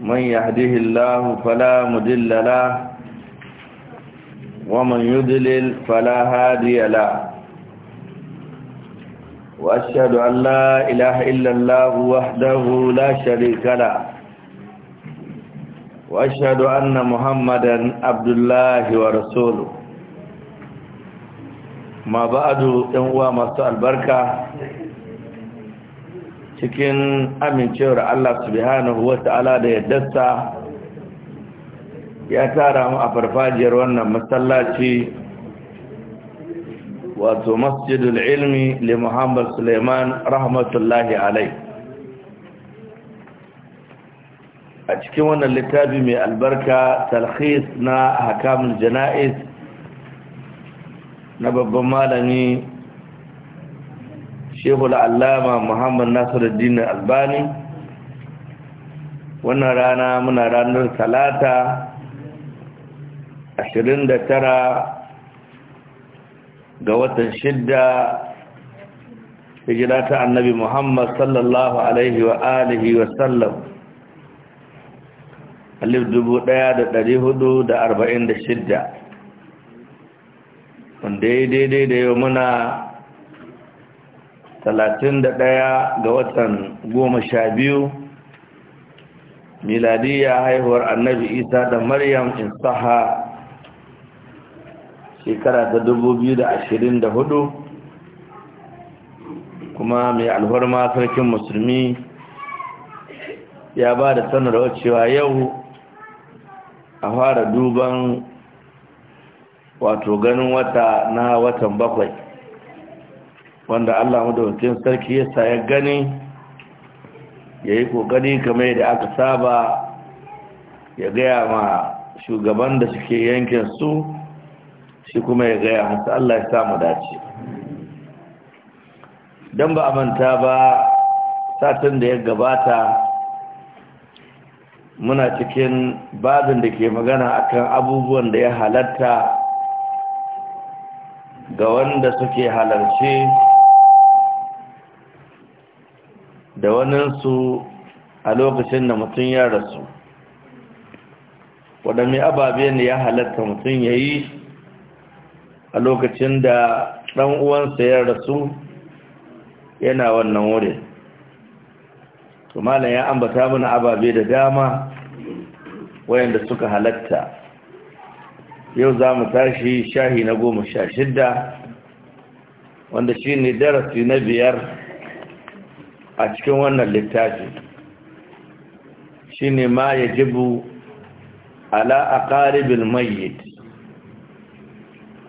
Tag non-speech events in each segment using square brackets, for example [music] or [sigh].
من يهده الله فلا مدل له ومن يدلل فلا هادي له وأشهد أن لا إله إلا الله وحده لا شريك له وأشهد أن محمدا عبد الله ورسوله ما بعد إنوا مساء البركة cikin amincewar Allah subhanahu wa ta'ala da yaddarsa ya tara mu a farfajiyar wannan masallaci wato masjidul ilmi li Muhammad sulaiman rahmatullahi alai a cikin wannan littafi mai albarka talkhis na hakamul jana'iz na babban malami Shehu allama muhammad nasiruddin albani wannan rana muna ranar talata 29 ga watan shidda hijira ta annabi Muhammad sallallahu alaihi wa alihi wa sallam alif dubu ɗaya da ɗari hudu da arba'in da shidda wanda ya daidai da yau muna talatin da ɗaya ga watan goma sha biyu ya haihuwar annabi isa da maryam isaha shekara ta dubu biyu da ashirin da hudu kuma mai alhorma sarkin musulmi ya ba da sanarwa cewa yau a fara duban wato ganin wata na watan bakwai wanda Allah madawacin sarki ya sa ya gani ya yi kokari kamar yadda aka saba ya gaya ma shugaban da suke yankin su shi kuma ya gaya masu Allah ya samu dace don ba a manta ba satin da ya gabata muna cikin babin da ke magana akan abubuwan da ya halatta ga wanda suke halarci da waninsu a lokacin da mutum ya rasu waɗanne ababe ne ya halatta mutum ya yi a lokacin da ɗan uwansa ya rasu yana wannan wurin malam ya ambata mana ababe da dama wayanda suka halatta yau za mu tashi shahi na goma sha shidda wanda shi ne darasi na biyar a cikin wannan littafi shine ma jibu ala aqaribil mayyit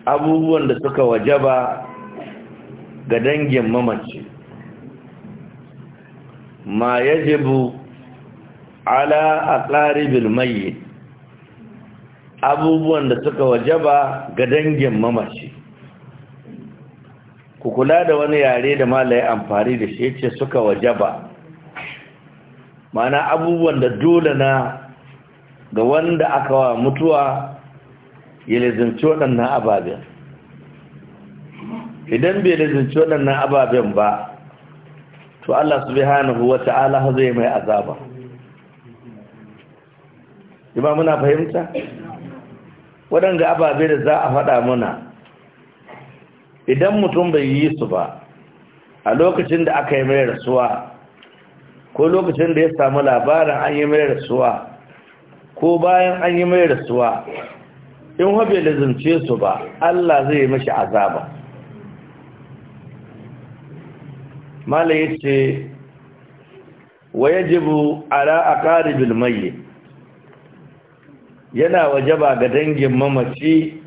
abubuwan da suka wajaba ga dangin mamaci ma jibu ala aqaribil mayyit abubuwan da suka wajaba ga dangin mamaci ku kula da wani yare da malaye amfani da shi yace suka wajaba mana abubuwan da dole na ga wanda aka wa mutuwa ya lizinci waɗannan ababen idan bai lizinci waɗannan ababen ba to Allah subhanahu wa ta'ala zai mai azaba ima muna fahimta waɗanda ababe da za a faɗa muna idan mutum bai yi su ba a lokacin da aka yi mai rasuwa ko lokacin da ya samu labarin an yi mai rasuwa ko bayan an yi mai rasuwa in da zance su ba Allah zai yi mashi azaba mala ya ce wa yajibu ala aqaribil mayyit yana wajaba ga dangin mamaci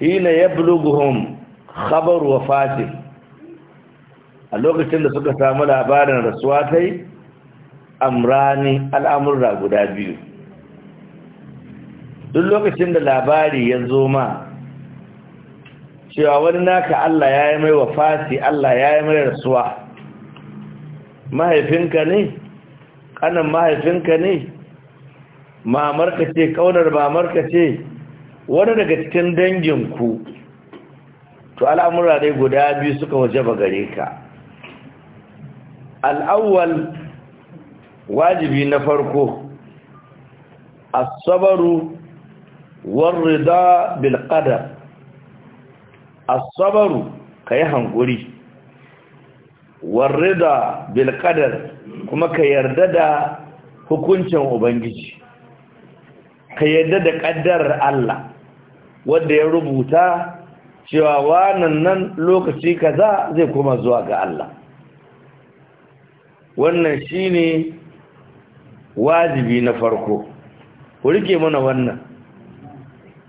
hina yablughuhum khabar wafati a lokacin da suka samu labarin rasuwa tai amrani al'amurra guda biyu duk lokacin da labari ya zo ma cewa wani naka Allah ya yi mai wafati Allah ya yi mai rasuwa mahaifinka ne ƙanan mahaifinka ne mamarka ce ƙaunar mamarka ce wani daga cikin danginku to al'amura dai guda biyu suka waje ba gare ka al'awwal wajibi na farko asabaru warrida bil qadar asabaru kai hankuri warrida bil qadar kuma ka yarda da hukuncin ubangiji ka yarda da ƙaddarar Allah wanda ya rubuta cewa wannan nan lokaci kaza zai koma zuwa ga Allah wannan shine wajibi na farko ku rike mana wannan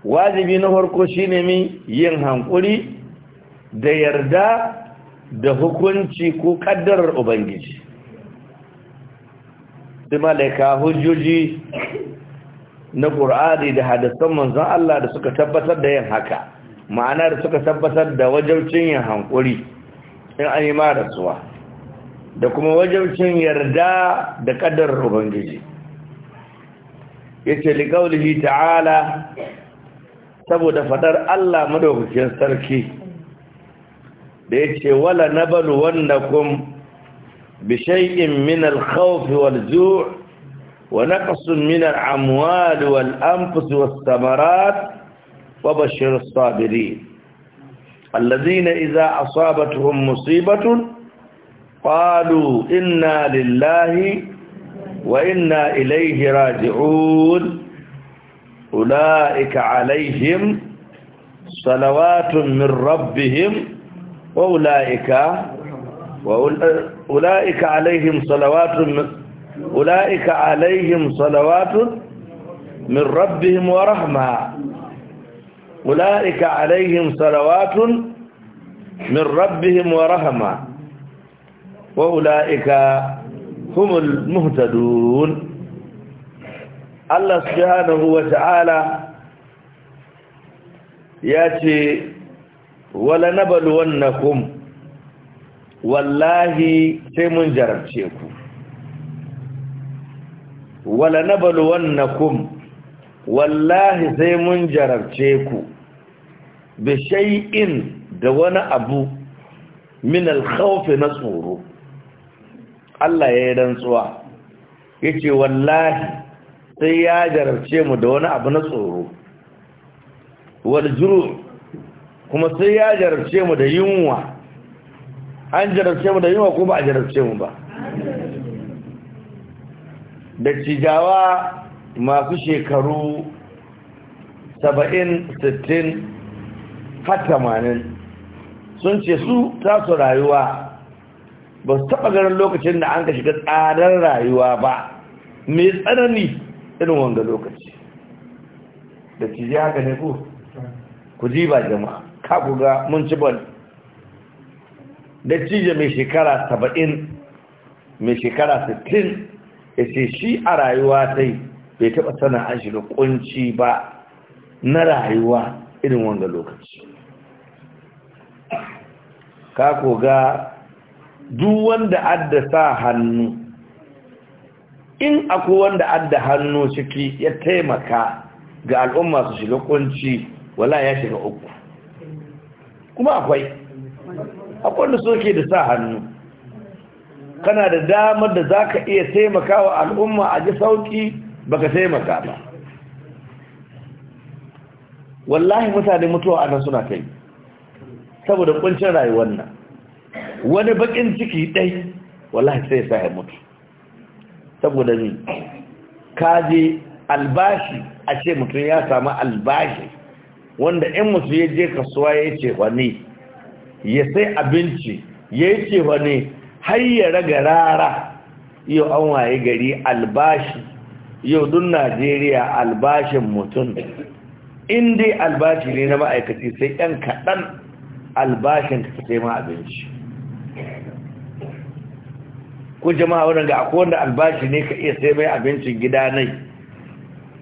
wajibi na farko shine mi yin hankuri da yarda da hukunci ko kaddarar ubangiji sai malaika hujjoji na ƙur'ani da hadassan manzon Allah da suka tabbatar da yin haka ma'ana da suka tabbatar da wajaucin yin hankuri in an yi marasuwa da kuma wajaucin yarda da ƙaddar ubangiji yace liƙaulihi ta'ala saboda faɗar Allah madaukakin sarki da ya ce wala balu wannakum bi shay'in min alkhawfi wal-ju' ونقص من الأموال والأنفس والثمرات وبشر الصابرين الذين إذا أصابتهم مصيبة قالوا إنا لله وإنا إليه راجعون أولئك عليهم صلوات من ربهم وأولئك وأولئك عليهم صلوات من ula'ika alaihim salawatun min rabbihim wa rahma ula'ika alaihim salawatun min rabbihim wa rahma wa ula'ika humul muhtadun Allah subhanahu wa ta'ala ya ce wallahi sai mun jarabce ku wala kum. wallahi sai mun jarabce ku bi shay'in da wani abu min al-khawf na tsoro Allah ya yi rantsuwa yace wallahi sai ya jarabce mu da wani abu na tsoro wal juru kuma sai ya jarabce mu da yunwa an jarabce mu da yunwa ko ba a jarabce mu ba dattijawa masu shekaru saba'in sittin har tamanin sun ce su tasu rayuwa ba su taɓa ganin lokacin da an ka shiga tsadar rayuwa ba mai tsanani irin wanga lokaci da ciji haka ne ku ku ji ba jama'a ka ku ga mun ci ban da cije mai shekara saba'in mai shekara sittin Yace shi a rayuwa sai bai taɓa sana an shiga ƙunci ba na rayuwa irin wanda lokaci ka koga duk wanda adda sa hannu in akwai wanda adda hannu ciki ya taimaka ga al'umma su shiga kunci wala ya shiga uku kuma akwai akwai wanda suke da sa hannu kana da damar da za ka iya taimakawa al'umma a ji sauƙi baka taimaka ba wallahi mutane mutuwa ana suna kai saboda kuncin rayuwar nan wani bakin ciki ɗai wallahi sai sa ya mutu saboda ni kaje albashi a ce mutum ya samu albashi wanda in mutum ya je kasuwa ya ce wani ya sai abinci ya yi ce wani har ya raga rara yau an waye gari albashi yau dun najeriya albashin mutum in dai albashi ne na ma'aikaci sai yan kaɗan albashin ka sai ma abinci ko jama'a wurin ga akwai wanda albashi ne ka iya sai mai abincin gida nai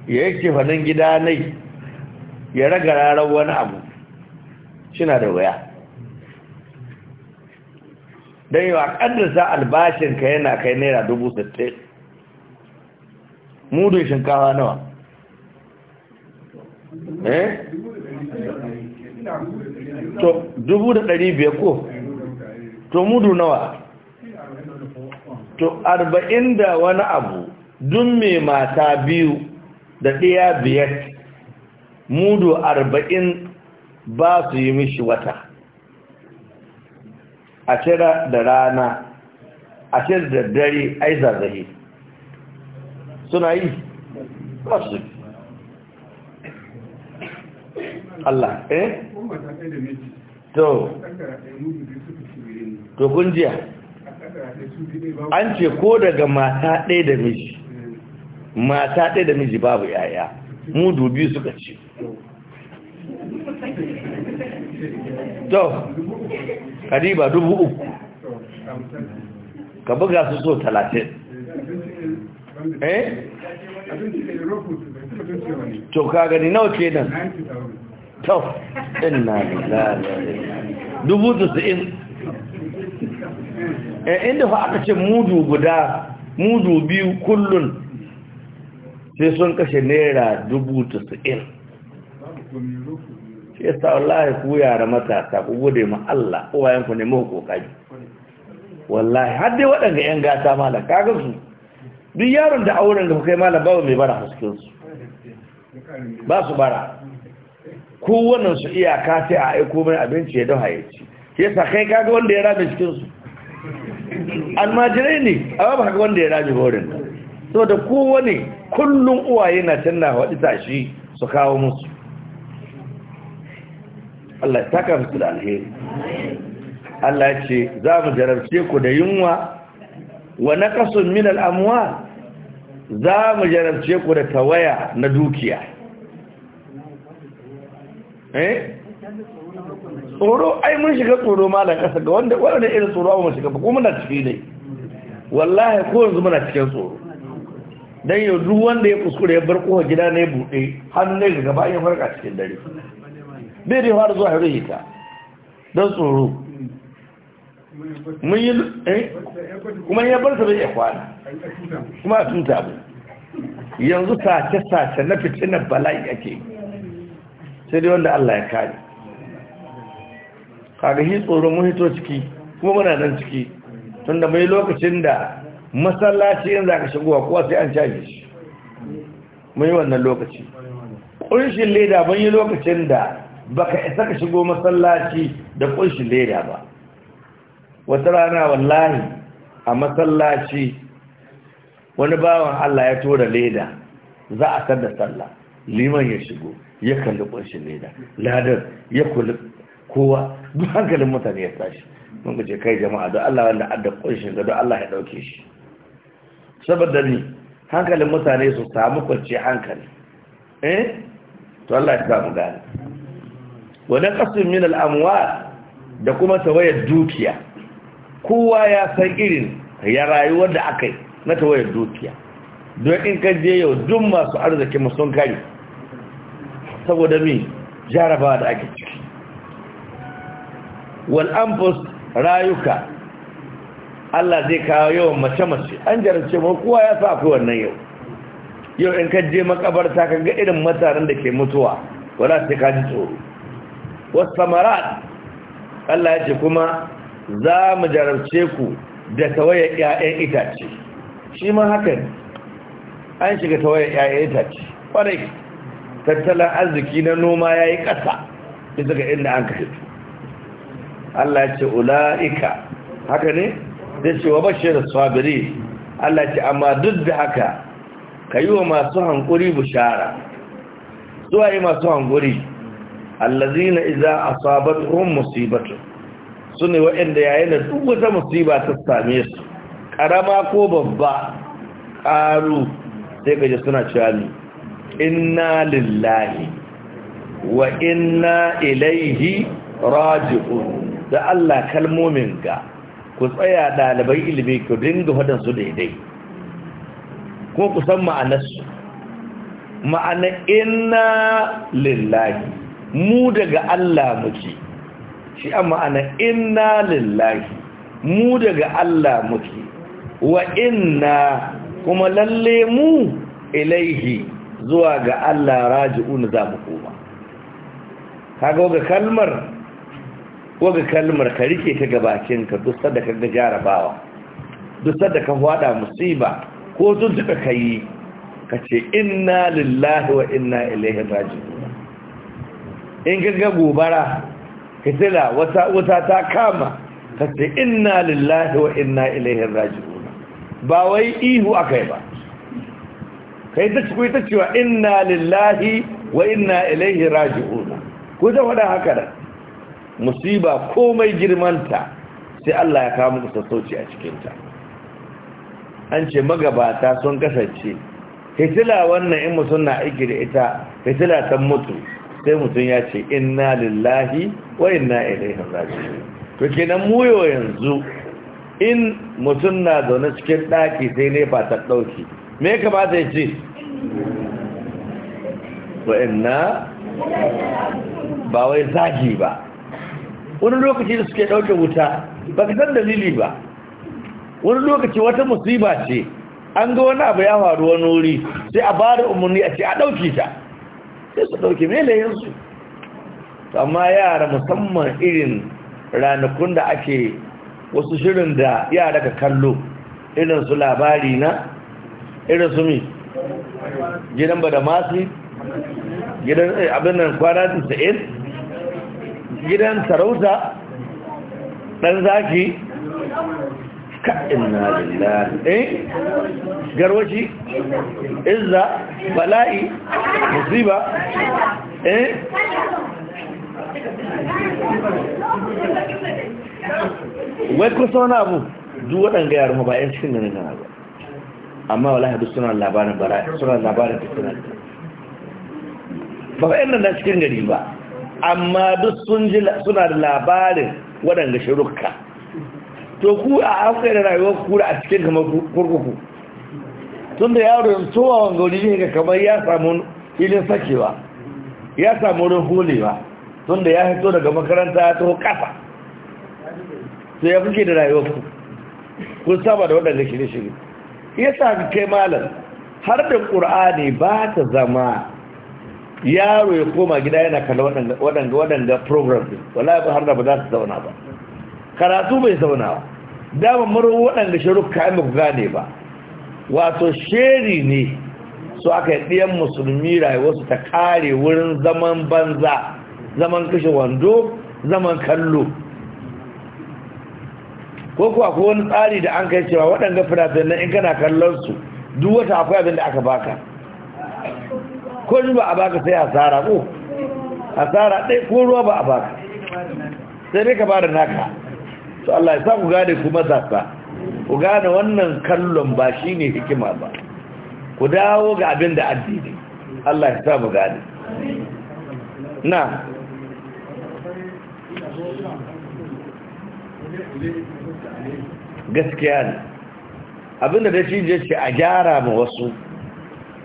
ya yake fanin gida nai ya raga rarar wani abu shi na da waya don yi wa albashin albashinka yana kai naira dubu sittin mudun shinkawa nawa eh to dubu da ɗari biyar ko to mudu nawa to arba'in da wani abu dun mai mata biyu da ɗaya biyar mudu arba'in ba su yi mishi wata a cira da rana a cira da dare a yi suna yi ba su zuki Allah eh to to kunjiya an ce ko daga mata ɗaya da miji mata ɗaya da miji babu yaya mu dubi suka ce to kadiba dubu uku ka buga su so talatin eh to ka gani nawa ke nan to inna lillahi dubu tasirin eh inda fa aka ce mudu guda mudu biyu kullun sai sun kashe naira dubu tasirin shi yasa wallahi ku yara matasa ku gode ma Allah uwayen ku ne mu kokari wallahi har dai wadanga yan gata malam kaga su duk yaron da auren da kai malam babu mai bara hasken su ba su bara wannan su iyaka sai a aiko mai abinci ya dafa ya ci yasa kai kaga wanda ya rabe cikin su almajirai ne a ba kaga wanda ya rabe wurin saboda kowane kullum uwaye na canna waɗi tashi su kawo musu Allah ya kafa su da alheri Allah ya ce za mu jarabce ku da yunwa wa naqasun min al-amwal za mu jarabce ku da tawaya na dukiya eh tsoro ai mun shiga tsoro malam kasa ga wanda wanda irin tsoro mun shiga ko muna ciki ne wallahi ko yanzu muna cikin tsoro dan yau duk wanda ya kuskure ya bar kowa gida ne buɗe har ne ga gaba ya farka cikin dare bai da fara zuwa ruhi hita don tsoro eh, kuma ya bar bai iya kwana kuma a tun tabu yanzu sace-sace na na bala'i ake sai dai wanda Allah ya kare kaga shi tsoro mun hito ciki kuma muna nan ciki tunda mai lokacin da masallaci yanzu aka shigowa ko sai an caji shi mun yi wannan lokaci ƙunshin leda mun yi lokacin da baka isa ka shigo masallaci da kunshin leda ba wata rana wallahi a masallaci wani bawan Allah ya tura leda za a sanda sallah liman ya shigo ya kalli kunshin leda ladar ya kulli kowa duk hankalin mutane ya tashi mun guje kai jama'a don Allah wanda adda kunshin da don Allah ya dauke shi saboda ni hankalin mutane su samu kwanci hankali eh to Allah ya samu gani Wani naqasin min al’amuwa da kuma tawayar dukiya kowa ya san irin ya rayuwar da yi na tawayar dukiya don in ka je yau dun masu arziki mu sun saboda mi jarabawa da ake ciki wal rayuka Allah zai kawo yawan mace-mace an jarance ma kowa ya sa akwai wannan yau yau in ka je makabarta ka ga irin mutanen da ke mutuwa wala sai ka ji tsoro wasu samara Allah ya ce kuma za mu jarabce ku da tawaye ‘ya'yan itace shi ma haka an shiga tawaye ‘ya'yan itace kwarai tattalin arziki na noma ya yi ƙasa bisa ga inda an kashe Allah ce ula'ika haka ne da ce wa bashirar sabiri Allah ce amma duk da haka ka yi wa masu hankuri bishara zuwa yi masu hankuri allazina idza asabatuhum musibatu sune waɗanda yayin da duk wata musiba ta same su karama ko babba ƙaru sai kaje suna cewa ni inna lillahi wa inna ilaihi raji'un da Allah kalmomin ga ku tsaya dalibai ilimi ku dinga waɗansu su daidai ko ku san ma'anarsu ma'ana inna lillahi mu daga Allah muke shi amma ana inna lillahi mu daga Allah muke wa inna kuma lalle mu ilaihi zuwa ga Allah raji'un za mu koma kaga ga kalmar waga kalmar ka rike ta gabacin ka duk sadda ka jarabawa duk sadda ka fada musiba ko duk kai ka ce inna lillahi wa inna ilaihi raji'un in gaga gobara fitila wuta ta kama ta inna lillahi wa inna ilaihin raji'un ba wai ihu akai ba kai ta ci ta cewa inna lillahi wa inna ilaihi raji'un ku ta faɗa haka da musiba komai girmanta sai Allah ya kawo muku sassauci a cikinta an ce magabata sun kasance fitila wannan in mu aiki da ita fitila ta mutu sai mutum ya ce inna lillahi wa inna ilaihi raji'un to kenan mu yanzu in mutum na zaune cikin ɗaki sai ne ba ta ɗauki me ka ba zai ce wa inna ba wai zagi ba wani lokaci da suke ɗauke wuta ba ka san dalili ba wani lokaci wata musiba ce an ga wani abu ya faru wani wuri sai a bada umarni a ce a ɗauki ta sai su ɗauki melayinsu amma yara musamman irin ranakun da ake wasu shirin da yara ka kallo irin su labari na irin su mi gidan ba da masu gidan eh, abin nan kwana 90 gidan sarauta ɗan zaki ka inna lillahi eh garwaji izza bala'i musiba eh wai kusa wani abu duk waɗanda yaran ba 'yan cikin ganin gana ba amma wallahi duk suna labarin bara suna labarin fitina ba fa nan na cikin gari ba amma duk sun ji suna da labarin waɗanda shirukka to ku a afirka da rayuwar kura a cikin kamar kurkuku tun da yaro yanzu towa wanga wani ne ga kamar ya samu ilin sakewa ya samu wurin hulewa tun da ya fito daga makaranta ya taho kafa to ya fuke da rayuwar ku kun saba da waɗanda shirye-shirye ya sami kai malam har da ƙur'ani ba ta zama yaro ya koma gida yana kalla waɗanda waɗanda program ɗin wala ba har da ba za su zauna ba karatu bai zauna ba dama marar waɗanda sharukka ya muku gane ba wato sheri ne su aka yi ɗiyan musulmi rayuwarsu ta kare wurin zaman banza zaman kashe wando zaman kallo ko kuwa ko wani tsari da an kai cewa waɗanda fina nan in kana kallon su duk wata akwai abin da aka baka ko ji ba a baka sai asara ko asara ɗai ko ruwa ba a baka sai dai ka ba da naka to Allah ya samu gane ku matasa ku gane wannan kallon ba shi ne hikima ba ku dawo ga abin da addini Allah ya samu gane na gaskiya ne abin da shi je shi a gyara ma wasu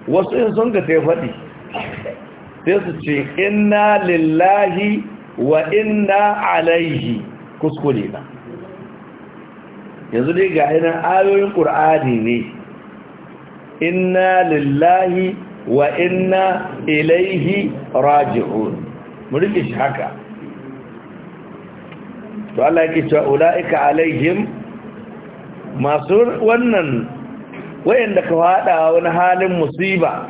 wasu in sun ga sai faɗi sai su ce inna lillahi wa inna alaihi kuskure na yanzu dai ga ina ayoyin ƙur'ani ne inna lillahi wa inna ilaihi raji'un mu rike shi haka to Allah yake cewa ulaika alaihim masu wannan wayanda ka fada wani halin musiba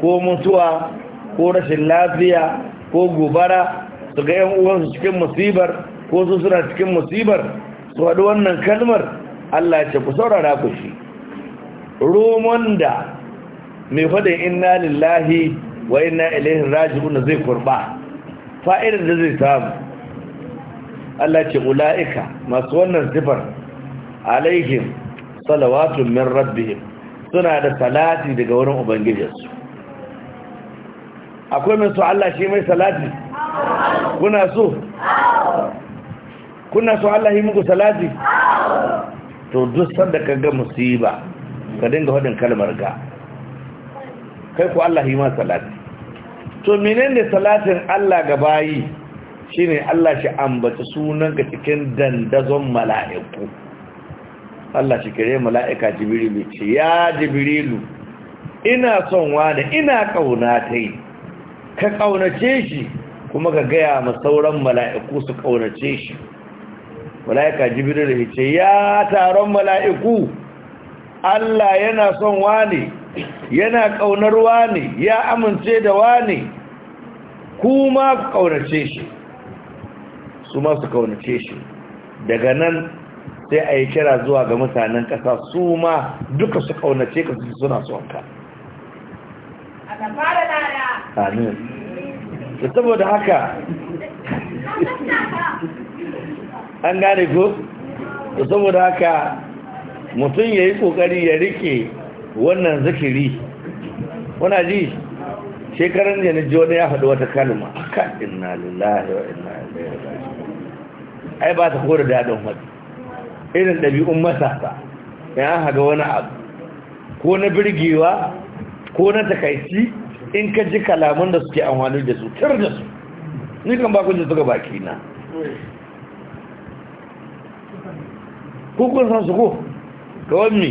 ko mutuwa ko rashin lafiya ko gobara su ga yan uwansu cikin musibar ko su suna cikin musibar su haɗu wannan kalmar Allah ce ku saurara ku shi roman da mai faɗin inna lillahi wa inna ilaihin raji'un zai kurba fa'idar da zai samu Allah ce ula'ika masu wannan sifar alaihim salawatun min rabbihim suna da salati daga wurin ubangijinsu akwai mai su Allah shi mai salati kuna so kuna so Allah yi muku salati to duk sanda ka ga musiba ka dinga hadin kalmar ga kai ku Allah yi ma salati to menene salatin Allah ga bayi shine Allah shi ambaci ka cikin dandazon mala'iku Allah shi kire mala'ika jibrilu ce ya jibrilu ina son wani ina kauna tai ka kaunace shi kuma ka gaya ma sauran mala'iku su kaunace shi mala'ika jibril ya ce ya taron mala'iku Allah yana son wani yana kaunar wani ya amince da wani kuma kaunace shi su masu kaunace shi daga nan sai a yi kira zuwa ga mutanen ƙasa, su ma duka su kaunace ka su suna Ka amin da saboda haka an gane ko saboda haka mutum ya yi kokari ya rike wannan zikiri wana ji shekaran da ji wani ya faɗi wata kalma aka inna lillahi wa inna ilaihi ai ba ta kore daɗin wani irin ɗabi'un matasa ya haga wani abu ko na birgewa ko na takaici in ka ji kalaman da suke amfani da su tar da su ni kan bakun da suka baki na ko kun san su ko kawai me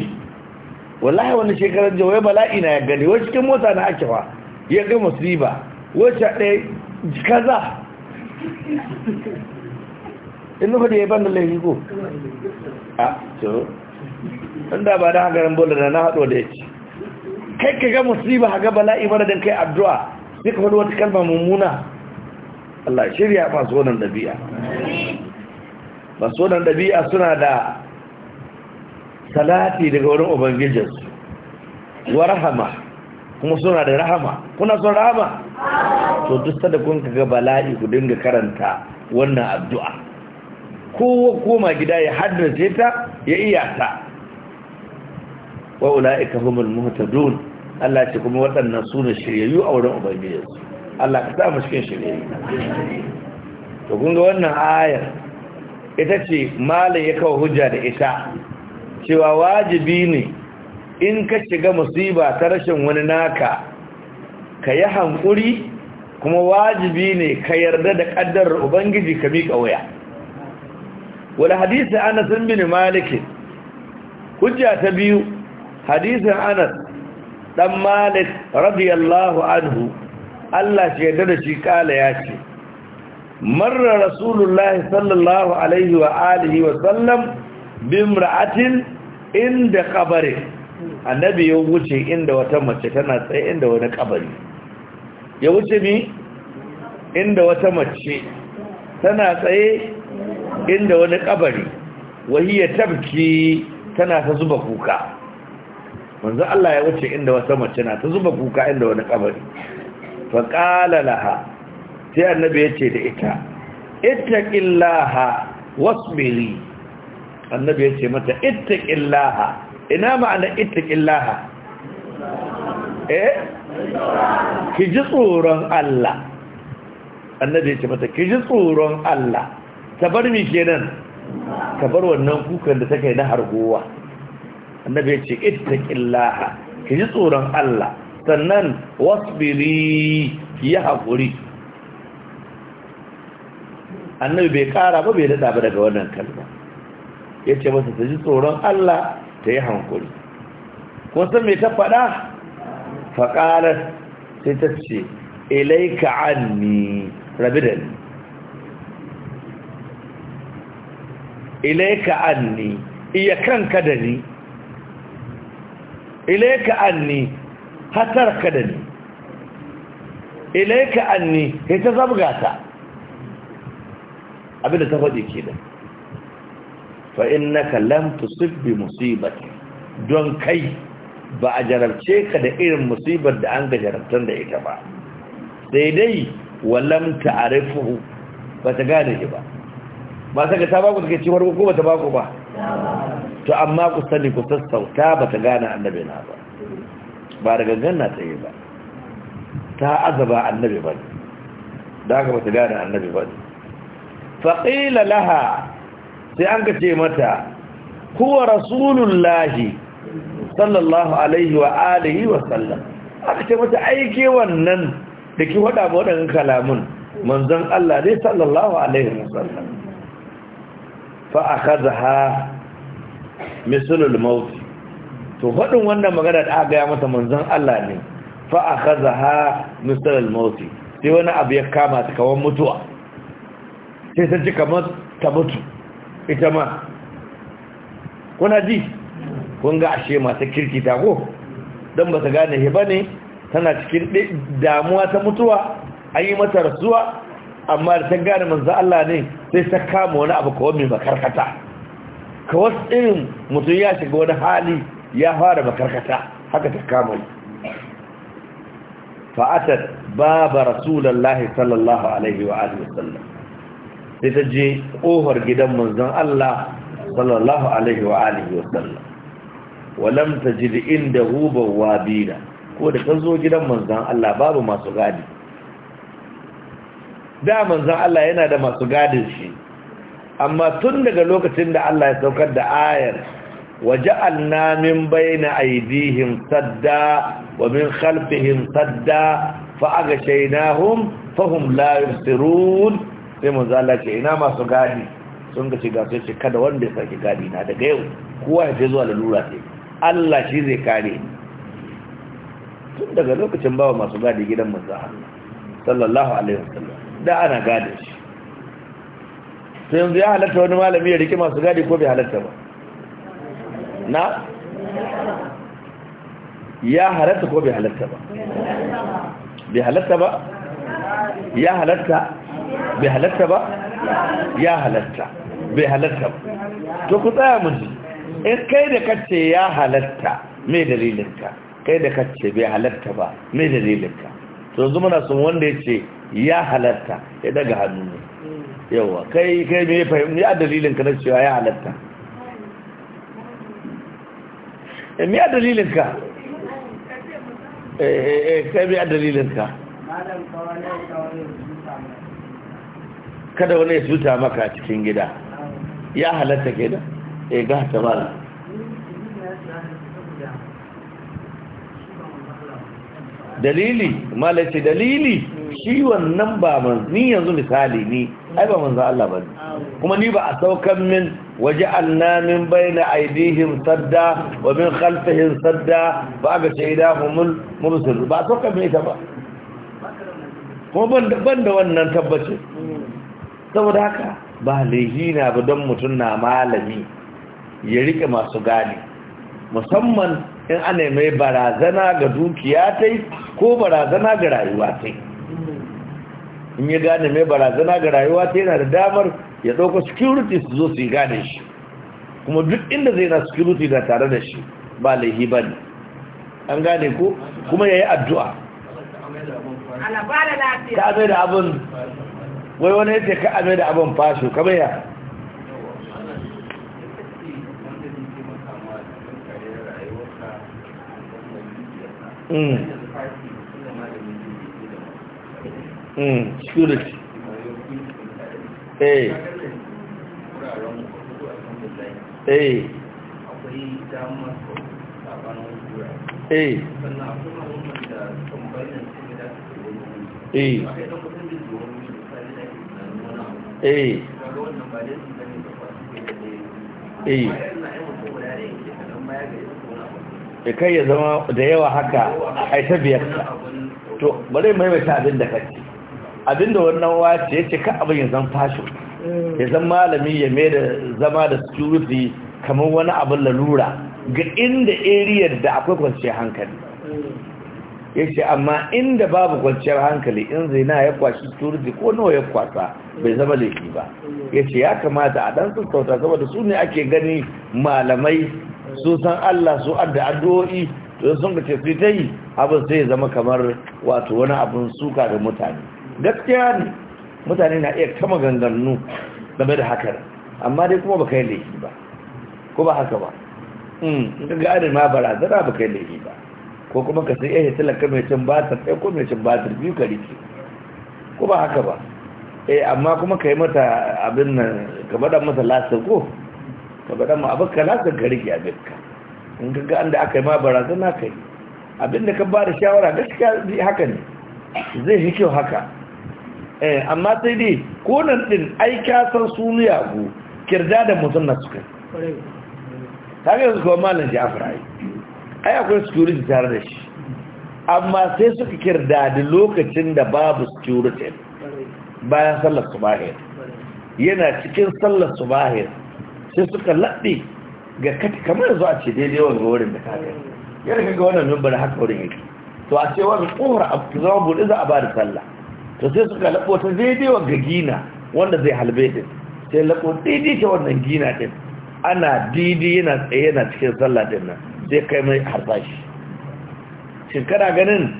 wallahi wani shekarar jawai bala'i na ya gani wai cikin mota na ake ba ya ga musiba wacce ɗaya kaza inu fa da ya banda laifin ko a to inda ba da hagarin bola da na haɗo da ya ci. kai ka ga musiba haga bala'i mara don kai addu'a sai ka faɗi wata kalma mummuna Allah shirya masu wannan ɗabi'a masu wannan ɗabi'a suna da talati daga wurin ubangijinsu wa rahama kuma suna da rahama kuna son rahama to duk sada kun kaga bala'i ku dinga karanta wannan addu'a kowa koma gida ya haddace ta ya iya ta wa ula'ika humul muhtadun Allah ce kuma waɗannan su ne shiryayyu a wurin ubangijinsu Allah ka sa mu cikin shiryayyu to kun ga wannan ayar ita ce malam ya kawo hujja da ita cewa wajibi ne in ka shiga musiba ta rashin wani naka ka yi hankuri kuma wajibi ne ka yarda da ƙaddarar ubangiji ka miƙa waya wani hadisi anas bin malik hujja ta biyu hadisin anas ɗan malik radiyallahu anhu Allah shi yarda da shi kala ya ce marra rasulullahi sallallahu alaihi wa alihi wa sallam bimra'atin inda kabare annabi ya wuce inda wata mace tana tsaye inda wani kabari ya wuce mi inda wata mace tana tsaye inda wani kabari wahiyya tabki tana ta zuba kuka manzo Allah ya wuce inda wata mace na ta zuba kuka inda wani kabari fa qala laha sai annabi ya ce da ita ittaqillaha wasbiri annabi ya ce mata ittaqillaha ina ma'ana ittaqillaha eh ki ji tsoron Allah annabi ya ce mata ki ji tsoron Allah ta bar mi kenan ta bar wannan kukan da take na hargowa annabi ya ce ittaqillaha ki ji tsoron Allah sannan wasbiri ya haƙuri annabi bai ƙara ba bai daɗa ba daga wannan kalma ya ce masa ta ji tsoron Allah ta yi hankuri kun san mai ta faɗa faƙalar sai ta ce ilaika ni rabi da ni ilaika ni iya kanka da ni ilaika anni hatarka da ni ilaika ni sai ta zabga ta abinda ta faɗi ke da fa innaka lam tusib bi musibati don kai ba a jarabce ka da irin musibar da an ga jarabtar da ita ba sai dai walam ta'rifuhu ba ta gane shi ba ba saka ta baku take cewa ko ba ta baku ba to amma ku sani ku sassauta ba ta gane annabi na ba ba daga ganna tsaye ba ta azaba annabi ba da ka ba ta gane annabi ba faqila laha sai an ce mata rasulun rasulullahi sallallahu alaihi wa alihi wa sallam aka ce mata aike wannan da ki wada ba wadannan kalamun manzon Allah ne sallallahu alaihi wa sallam fa akhadha misalul maut to fadin wannan magana da aka gaya mata manzon Allah ne fa akhadha misalul maut sai wani abu ya kama ta kawan mutuwa sai ta ji kamar ta mutu ita ma kuna ji kun ashe masu kirki tago don ba su gane hiba ne tana cikin damuwa ta mutuwa an yi mata rasuwa amma da ta gane manzan Allah ne sai ta kama wani abu kawai mai makarkata ka wasu irin mutum ya shiga wani hali ya fara makarkata haka ta kama yi fa'atar baba rasulallah sallallahu alaihi wa wasallam sai ta je ƙofar gidan manzon Allah sallallahu alaihi wa alihi wasallam walam tajid indahu Wabila, ko da ta zo gidan manzon Allah babu masu gadi da manzon Allah yana da masu gadin shi amma tun daga lokacin da Allah ya saukar da ayar waja'alna min bayna aydihim sadda wa min khalfihim sadda fa aghshaynahum fahum la sai manzo Allah ce ina masu gadi sun ga shiga sai ce kada wanda ya saki gadi na daga yau kowa ya je zuwa lalura sai Allah shi zai kare ni tun daga lokacin bawa masu gadi gidan manzo Allah sallallahu alaihi wasallam da ana gadi shi sai yanzu ya halatta wani malami ya rike masu gadi ko bai halatta ba na ya halatta ko bai halatta ba bai halatta ba ya halatta bai halatta ba ya halatta bai halatta ba to ku tsaya muji in kai da ce ya halatta me dalilinka kai da ce bai halatta ba me dalilinka to yanzu muna son wanda ya ce ya halatta ya daga hannu ne yawa kai kai me fahimta ya dalilinka na cewa ya halatta e me ya dalilinka eh, eh eh kai me ya dalilinka malam kada wani ya cuta maka cikin gida ya halatta da ya eh, ga ta bala dalili malace dalili shi wannan ba ni yanzu misali ni ai ba manzo Allah ba kuma ni ba a saukan min waja'alna min bayna aydihim sadda wa min khalfihim sadda ba ga shaidahumul mursal ba saukan min ita ba kuma ban da wannan tabbacin saboda haka ba laifi na ba don mutum na malami ya rike masu gane musamman in ana mai barazana ga dukiya ta ko barazana ga rayuwa ta in ya gane mai barazana ga rayuwa ta yana da damar ya ɗauka security su zo su yi gane shi kuma duk inda zai na security na tare da shi ba laihi ba ne an gane ko kuma ya yi addu'a ta mai da abin wai wani yake ka ame da abin fasho kamar ya hmm. Hmm. eh eh eh eh eh eh da kai ya zama da yawa haka a ta biyar to bare maimaita abin da kai abin da wannan wace ya ce ka abin ya zan fashin ya zan malami ya mai da zama da security kamar wani abin lalura ga inda eriyar da akwai kwanciyar hankali ya ce amma inda babu kwanciyar hankali in zina ya kwashi turji ko nawa ya kwasa bai zama laifi ba ya ce ya kamata a dan sassauta saboda su ne ake gani malamai su san Allah su adda addu'o'i to sun ga ce sai ta yi abin sai ya zama kamar wato wani abin suka da mutane gaskiya ne mutane na iya kama ganganu game da hakan amma dai kuma baka yi laifi ba ko ba haka ba hmm, in ga ma barazana ba kai laifi ba ko kuma ka sai ehe talaka ka mai cin batir ɗaya ko mai can batir biyu ka rike ko ba haka ba eh amma kuma ka yi mata abin nan ka bada masa lasin ko ka bada ma abin ka lasin ka rike abin ka in ka ga an da aka yi ma na ka yi abin da ka ba da shawara gaskiya haka ne zai fi kyau haka eh, amma sai dai ko nan ɗin ai kasar sunu yago kirda da mutum na suka ta ga yanzu kuma malam jafar ai ai akwai security tare da shi amma sai suka da lokacin da babu security bayan sallar subahir yana cikin sallar subahir sai suka laɗe ga kati kamar yanzu a ce daidai wani wurin da kare yana kaga wannan numbar haka wurin yake to a ce wani ƙofar a zama buɗe za a ba da sallah to sai suka laɓo ta daidai wa ga gina wanda zai halbe din sai laɓo daidai ta wannan gina din ana daidai yana tsaye yana cikin sallah din nan Zai kai mai harbashi shinkara ganin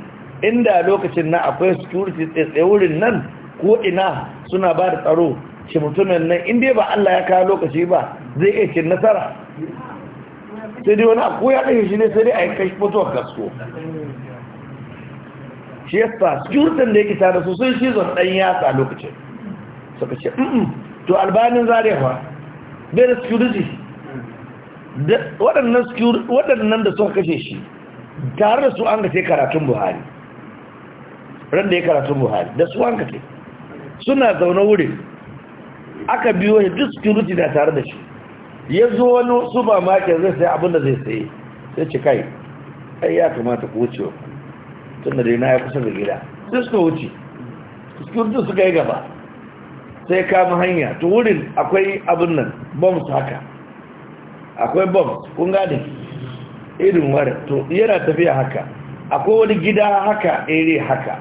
inda lokacin na akwai security tsaye wurin nan ko ina suna ba da tsaro shi mutumin nan inda ba Allah ya kawo lokaci ba zai iya cin nasara sai dai wani akwai ya ɗaya shi ne sai dai a yi kashi mutuwar kasko shi sa security da yake tare su sun shi zon ɗan yasa lokacin suka ce to albanin zarewa bai da security waɗannan da suka kashe shi tare da su an ga sai karatun buhari ran da ya karatun buhari da su an ka sai suna zaune wurin aka biyo shi duk security na tare da shi ya zo wani su ba makin zai sai abinda zai sai sai ce kai ai ya kamata ku wuce tun da na ya kusa da gida sai suka wuce security suka yi gaba sai kama hanya to wurin akwai abin nan bombs haka akwai bom, kun gane irin wara to yana tafiya haka akwai wani gida haka ere haka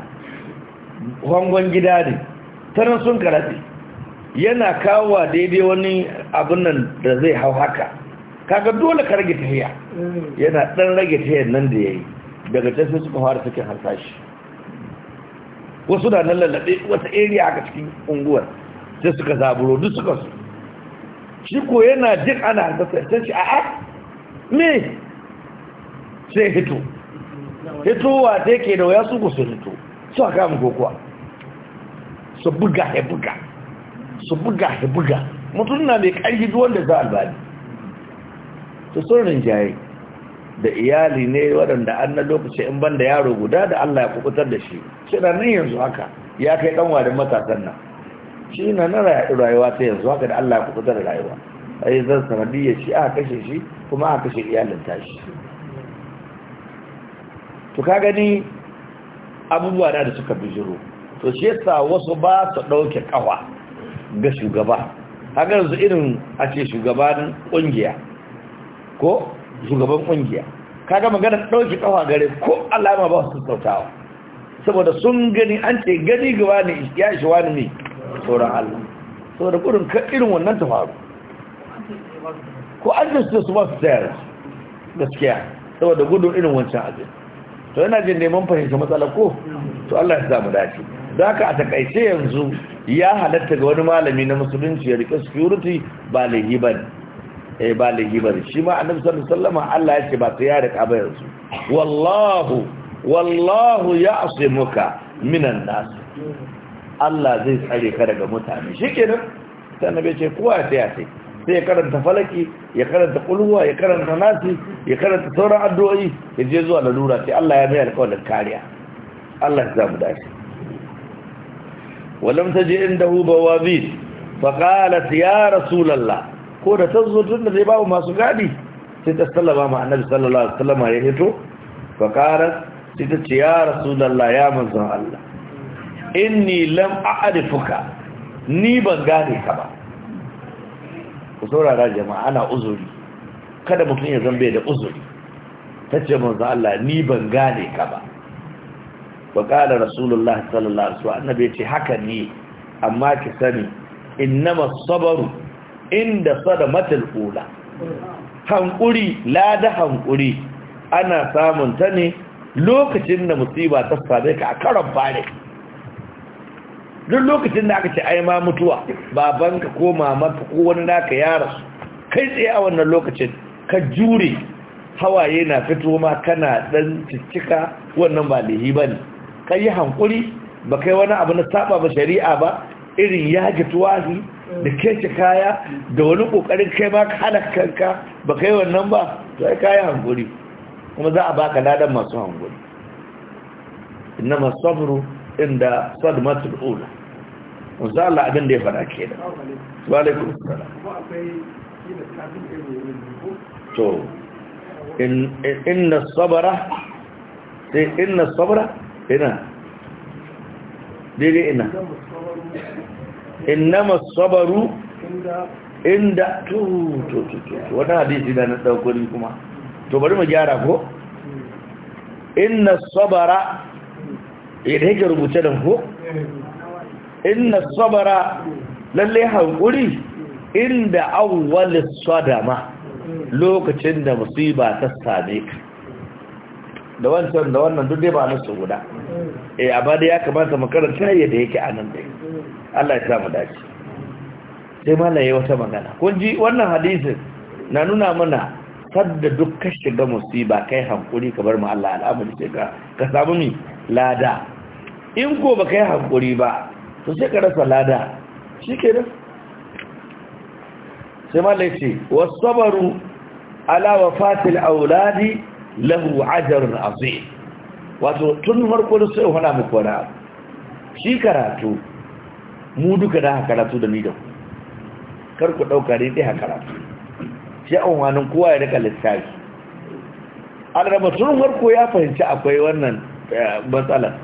hangon gida ne tanan sun karaɗe yana kawowa daidai wani abin nan da zai hau haka kaga dole ka rage tafiya yana ɗan rage tafiya nan da ya yi daga tafiya sai suka fara cikin harsashi wasu na nan lallaɓe wata area haka cikin unguwar sai suka zaburo duk suka su shi ko yana jin ana albasa ta shi a me sai hito wa ta yake da waya su ku su hito su haka mu kokowa su buga ya buga su buga ya buga mutum na mai ƙarfi da za albani su saurin jaye da iyali ne waɗanda an na lokaci in banda yaro guda da Allah ya kubutar da shi shi da nan yanzu haka ya kai ɗanwa da matasan nan shi na na rayuwa ta yanzu haka da Allah ya kuɓu da rayuwa yi zan ya shi aka kashe shi kuma a kashe iyalin tashi to ka gani abubuwa da da suka bijiro to shi yasa wasu ba su ɗauke ƙawa ga shugaba haka yanzu irin a ce shugabanin ƙungiya ko shugaban ƙungiya, ka kaga magana ɗauke kafa gare ko alama ba su sautawa saboda sun gani an ce gani gaba ne ya shi wani ne sauran Allah so da gudun ka irin wannan ta faru ko an da su ba su tsayar gaskiya saboda gudun irin wancan abin to yana jin neman fahimci matsala ko to Allah ya samu dace za ka a takaice yanzu ya halatta ga wani malami na musulunci ya rike security ba lahiban eh ba lahiban shi ma annabi sallallahu alaihi wasallam Allah ya ce ba sai yare rika ba yanzu wallahu wallahu ya'simuka minan nas Allah zai tsare ka daga mutane shi kenan, annabi ce kowa ya tsaya sai sai ya karanta falaki ya karanta kulwa ya karanta nasi ya karanta sauran addu'o'i ya je zuwa lalura sai Allah ya mai alƙawarin kariya Allah ya zamu dace walam taji indahu bawabin faqalat ya rasulullah ko da tazo tunda zai bawo masu gadi sai ta sallama ma annabi sallallahu alaihi wasallam ya hito faqalat sai ta ce ya rasulullah ya manzon Allah inni lam a'rifuka ni ban gane ka ba ku saurara jama'a ana uzuri kada mutum ya zambe da uzuri tace manzo Allah ni ban gane ka ba wa kala rasulullah sallallahu alaihi wasallam annabi ce haka ni. amma ki sani innama sabaru inda sadamatul ula hankuri la da hankuri ana samun ta ne lokacin da musiba ta same ka a karon fare duk lokacin da aka ce ai ma mutuwa babanka ko mamanka ko wani naka ya rasu kai tsaye a wannan lokacin ka jure hawaye na fito ma kana dan ciccika wannan ba lihi bane kai hankuri ba kai wani abu na saba ba shari'a ba irin ya yaji tuwahi da kece kaya da wani kokarin kai ma ka halaka kanka ba kai wannan ba to ai kai hankuri kuma za a baka ladan masu hankuri inna masabru inda sadmatul ula za Allah abin da ya faɗa ke da wa alaikun to inna sabara sai inna sabara ina daidai ina inna masabaru inda tutututu wata hadisi da na ɗaukuri kuma to bari mu gyara ko inna sabara idan yake rubuce da ko inna sabara lalle hankuri inda awwal sadama lokacin da musiba ta same ka da wancan da wannan duk dai ba su guda eh amma dai ya kamata mu karanta yadda yake anan dai Allah ya samu dace sai mallaye wata magana kun ji wannan hadisin na nuna mana kada duk ka shiga musiba kai hankuri ka bar mu Allah al'amari sai ka ka samu mi lada in ko baka yi hankuri ba to sai ka rasa lada shi ke nan sai malai ce wasu alawa fatil auladi lahu ajarun azim wato tun farko da sai hana muku wani shi karatu mu duka da haka karatu da ni karku kar ku ɗauka ne dai haka karatu shi an wani kowa ya daga littafi an raba tun farko ya fahimci akwai wannan eh, matsalar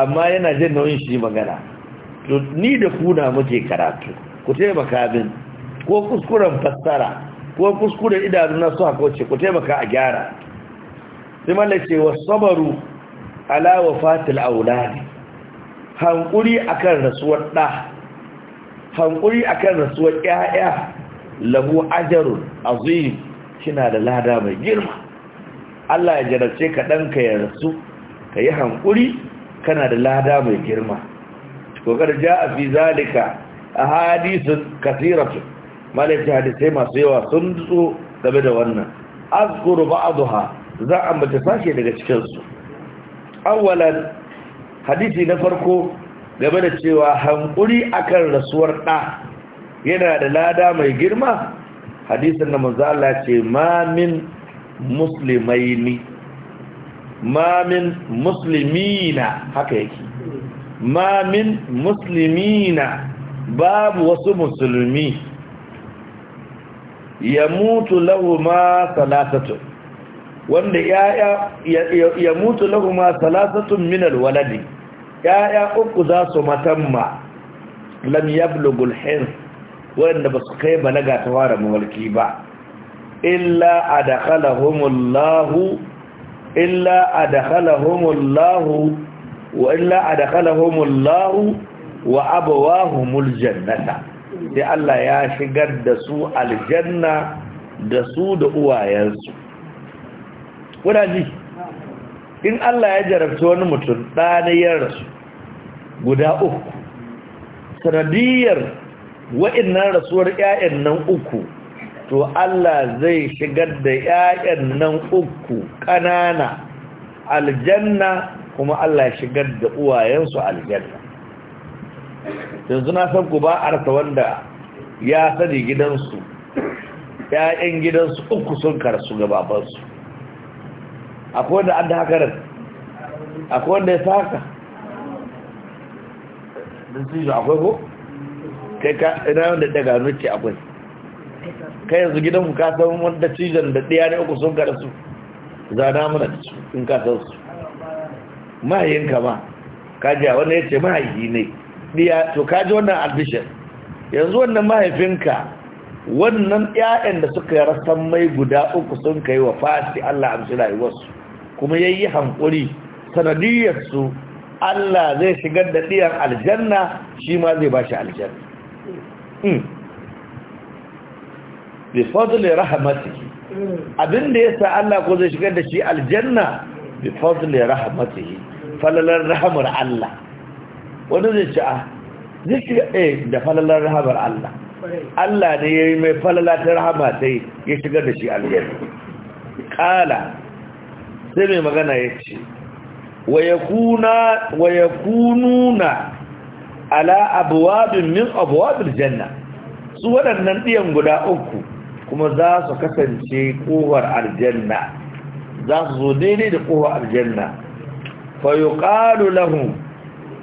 amma yana jin nauyin shi magana to ni da kuna muke karatu ku taimaka min ko kuskuren fassara ko kuskuren idanu na suka kauce ku taimaka a gyara sai mallace wa sabaru ala fatil auladi hankuri akan rasuwar da hankuri akan rasuwar ƴaƴa lahu ajrun azim kina da lada mai girma Allah ya jarabce ka danka ya rasu ka yi hankuri kana da lada mai girma to ja ja'a fi zalika a kasiratu kathiratu ce hadisai masu yawa sun zo game da wannan azkuru ba'daha za a mace sashe daga cikinsu. Awalan hadisi na farko game da cewa hankuri akan rasuwar ɗa, yana da lada mai girma hadisin na manzo ce mamin muslimai ma muslimina haka yake ma min muslimina babu wasu musulmi ya mutu lahuma salasatun wanda ya mutu lahuma salasatun minal waladi ya'ya uku za su matamma lam yablugul hirs wanda ba su kai balaga ta ware mulki ba illa a illa adakhalahumullahu wa illa adkhalahumullahu wa abawahumul jannata sai Allah ya shigar da su aljanna da su da uwayensu kudaji in Allah ya jarabta wani mutum ɗaniyar rasu guda uku sanadiyar wa'innan rasuwar ƴaƴan nan uku to Allah zai shigar da yayan nan uku ƙanana aljanna kuma Allah ya shigar da uwayensu aljanna yanzu na san ku ba arta wanda ya sani gidansu ƴaƴan gidansu uku sun karsu gababansu akwai wanda an da haka ran akwai wanda ya saka din su akwai ko kai ka ina wanda daga nuke akwai kai yanzu gidanku ka san wanda cijan da ɗaya ne uku sun karsu zana mana in ka san su mahayinka ma kaji wannan yace mahaifi ne diya to kaji wannan albishir yanzu wannan mahaifinka wannan ƴaƴan da suka rasan mai guda uku sun kai wa fasi Allah amshi rayuwarsu kuma ya yi hankuri sanadiyarsu Allah zai shigar da ɗiyar aljanna shi ma zai ba shi aljanna hmm. bi fadli abinda hmm. abinda yasa Allah ko zai shigar da shi aljanna bi fadli falalar rahamar Allah wani zai ci a, zikri eh da falalar rahamar Allah Allah ne yi mai falala ta rahama sai ya shiga da shi aljanna kala sai mai magana ya ce wa yakununa ala abwabin min abwabil janna su waɗannan ɗiyan guda uku kuma za su kasance ƙofar aljanna za su zo daidai da ƙofar aljanna fayuqalu lahum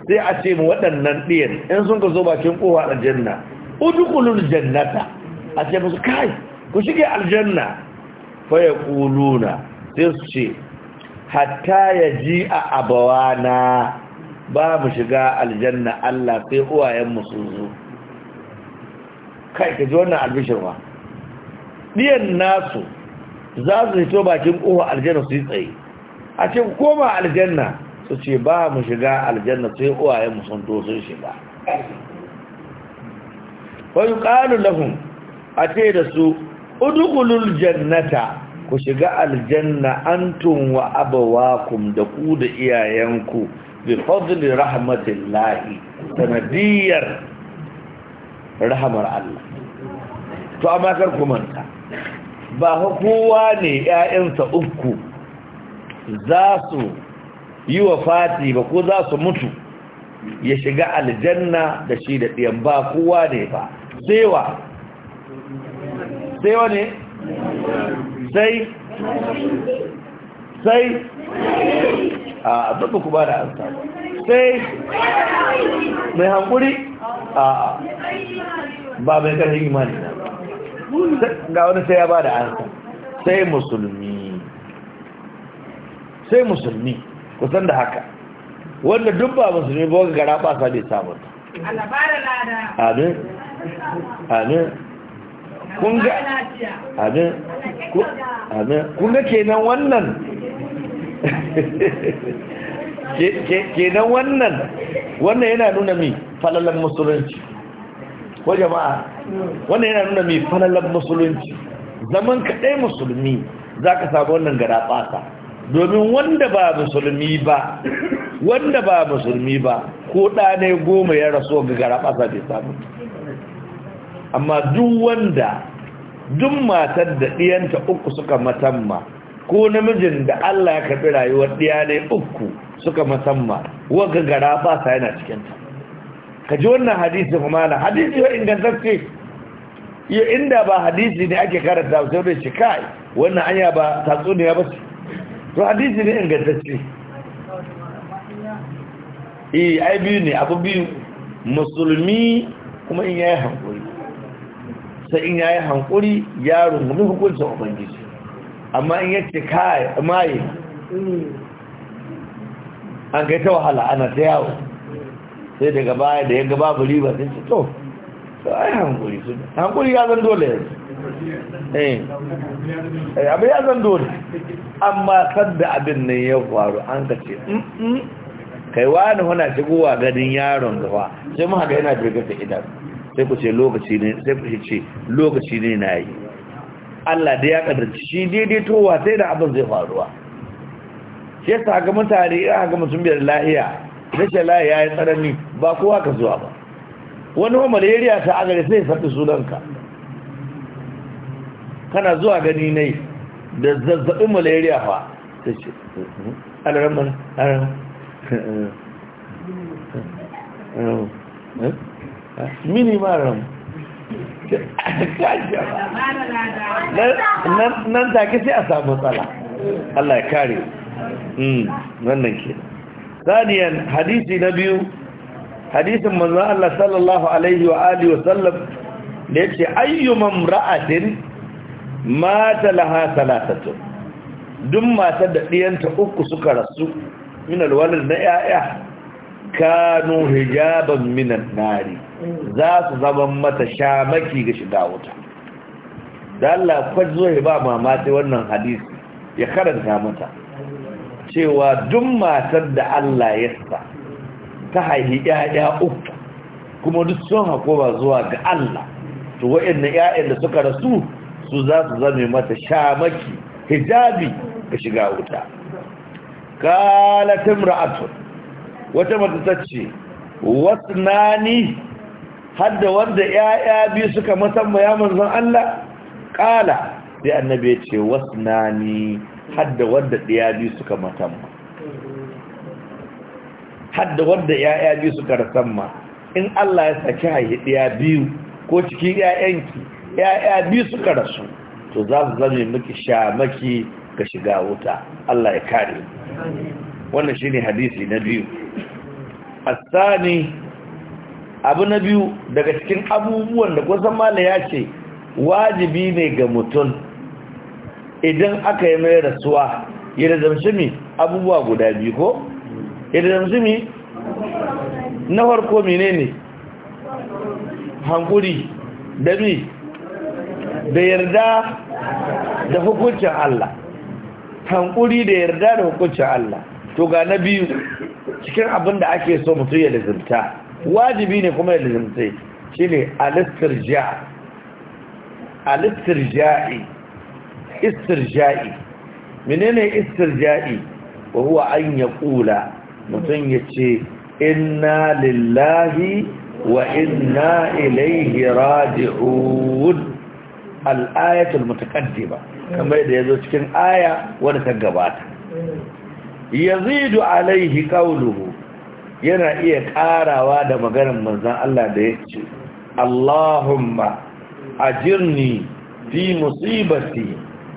sai a ce mu waɗannan ɗiyan in sun ka zo bakin kowa aljanna udkhulul jannata a ce musu kai ku shige aljanna fa yaquluna sai su ce hatta yaji a abawana ba mu shiga aljanna Allah sai uwayen mu su zo kai ka ji wannan albishir ɗiyan nasu za su fito bakin kowa aljanna su yi tsaye a ce koma aljanna su ce ba mu shiga aljanna sai mu sun to sun shiga wani yuqalu lahum a da su udkhulul jannata ku shiga aljanna antum wa abawakum da ku da iyayenku bi fadli rahmatillahi sanadiyar rahmar Allah to amma kar ku manta ba kowa ne 'ya'yansa uku za su yi wa fati ba ko za su mutu ya shiga aljanna da shi da ɗiyan ba kowa ne ba tsewa tsewa ne sai sai a zaɓa ku ba da ansa sai mai hankuri a ba mai ƙarfin imani na ga wani sai ya ba da ansa sai musulmi sai musulmi kusan da haka wanda duk ba musulmi ba ga gara ba sa bai samu ta amin amin kenan wannan [laughs] kenan wannan wannan yana nuna mi falalan musulunci ko jama'a wannan yana nuna mi falalan musulunci zaman kaɗai musulmi za ka samu wannan gara ɓasa. domin wanda ba musulmi ba wanda ba musulmi ba ko ɗane goma ya rasu ga gara bai samu amma duk wanda duk matar da ɗiyanta uku suka matamma ko namijin da Allah ya karɓi rayuwar ɗiyanai ne uku suka matamma, wagga gara ba sa yana cikinta ka ji wannan hadisi kuma na hadisi ya ingantacce ya inda ba hadisi ne ake karanta sai da shi kai wannan anya ba tatsuniya ba ce to hadisi ne ingantacce eh ai biyu ne abu biyu musulmi kuma in yayi hankuri sai in yayi hankuri ya rungumi hukuncin ubangiji amma in yace kai mai an kai ta wahala ana ta yawo sai daga baya da ya gaba buri ba sai to ai hankuri su hankuri ya zan dole yanzu Eh. Eh, abin ya zan dole amma sadda abin ne ya faru an ka ce mm, mm. kai wani hana shigowa ganin yaron gawa sai mu haka yana birgata idan sai ku ce lokaci ne sai ku ce lokaci ne na yi Allah da ya kadarci shi towa sai da abin zai faruwa shi yasa ga mutane ya ga mutum biyar lahiya rashin lahiya ya tsanani ba kowa ka zuwa ba wani wa malaria ta agare sai ya sarki sunanka kana zuwa gani ne da zazzabin malaria fa ta ce alarman alarman mini maram nan take sai a samu tsala Allah ya kare hmm, wannan ke saniyan hadisi na biyu hadisin manzan Allah sallallahu alaihi wa alihi wasallam da ya ce ayyuman ra'atin mata laha talatatu duk matar da ɗiyanta uku suka rasu min alwalid na 'ya'ya kanu hijaban minan nari za su zama mata shamaki ga shiga wuta da Allah kwaj zo ba sai wannan hadisi ya karanta mata cewa duk matar da Allah ya sa ta haihi 'ya'ya uku kuma duk sun hako zuwa ga Allah to wa'annan 'ya'yan da suka rasu su za su zame mata shamaki hijabi ka shiga wuta kalatin ra'atun wata matutacce wasu nani hadda wanda ‘ya'ya biyu suka masamma ya manzan Allah Kala, sai annabi ya ce wasu nani hadda wanda ɗaya biyu suka masamma hadda wanda ‘ya'ya biyu suka rasamma in Allah ya saki haihi ɗaya biyu ko cikin ‘ya'yanki ya'ya biyu suka rasu to za su zame miki maki ka shiga wuta Allah ya kare wannan shine hadisi na biyu asani abu na biyu daga cikin abubuwan da kusan mala ya ce wajibi ne ga mutum idan aka yi mai rasuwa yi da zamshimi abubuwa guda biyu ko? yi da zamshimi na farko menene hankuri da mi da yarda da hukuncin Allah hankuri da yarda da hukuncin Allah to ga na biyu cikin abin da ake so mutum ya lizimta wajibi ne kuma ya lizimta shi ne alistirja'i istirja'i menene istirja'i wa huwa an ya kula mutum ya ce inna lillahi wa inna ilaihi radi'u. al'ayatul mutaqaddima kamar da ya zo cikin aya wanda ta gabata yazidu alaihi qawluhu yana iya karawa da maganar manzan Allah da yake Allahumma jirni fi musibati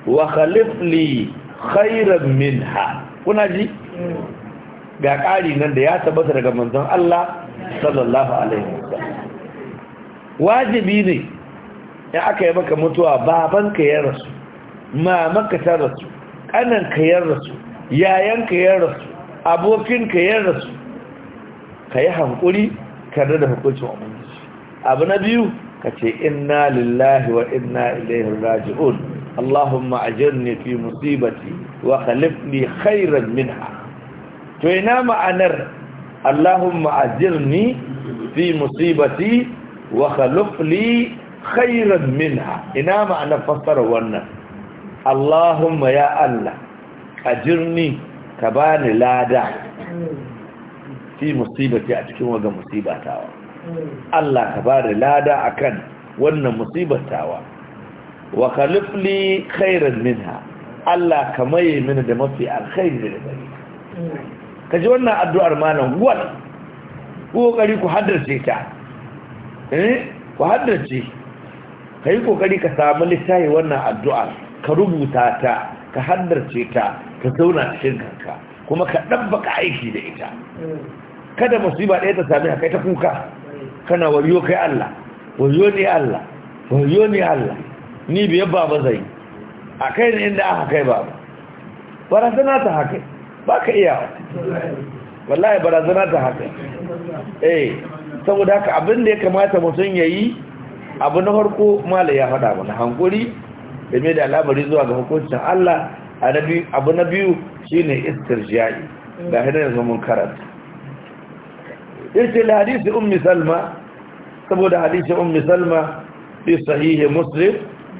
wa khalifli khairan minha kuna ji ga ƙari nan da ya tabbata daga manzon Allah sallallahu alaihi wajibi ne in aka yi maka mutuwa babanka ya rasu mamanka ta rasu ƙananka ya rasu ka ya rasu abokinka ya rasu ka yi hankuri ka da hukuncin ubangiji abu na biyu ka ce inna lillahi wa inna ilaihi raji'un allahumma ajirni fi musibati wa khalifni khairan minha to ina ma'anar allahumma ajirni fi musibati wa khalifni khairan minha ina ma'ana fassara wannan Allahumma ya Allah ajirni ka bani lada fi musibati a cikin waga musibatawa Allah ka bani lada akan wannan musibatawa wa khalif li khairan minha Allah ka maye mini da mafi alkhairi da gari kaji wannan addu'ar malam wal ko gari ku haddace ta eh ku haddace ka yi kokari ka samu littafi wannan addu'a ka rubuta ta ka haddarce ta ka zauna cikin kanka kuma ka dabbaka aiki da ita kada musiba ɗaya ta sami kai ta kuka kana wariyo kai Allah wariyo ne Allah wariyo ne Allah ni biyar baba zai a kai ne inda aka kai baba barazana ta haka ba ka iya wallahi barazana ta haka eh saboda haka abin da ya kamata mutum ya yi abu na farko mala ya faɗa mana hankuri da mai da al'amari zuwa ga hukuncin Allah abu na biyu shine istirja'i ga hidar yanzu mun karanta da hadisi ummi salma saboda hadisi ummi salma fi sahihi muslim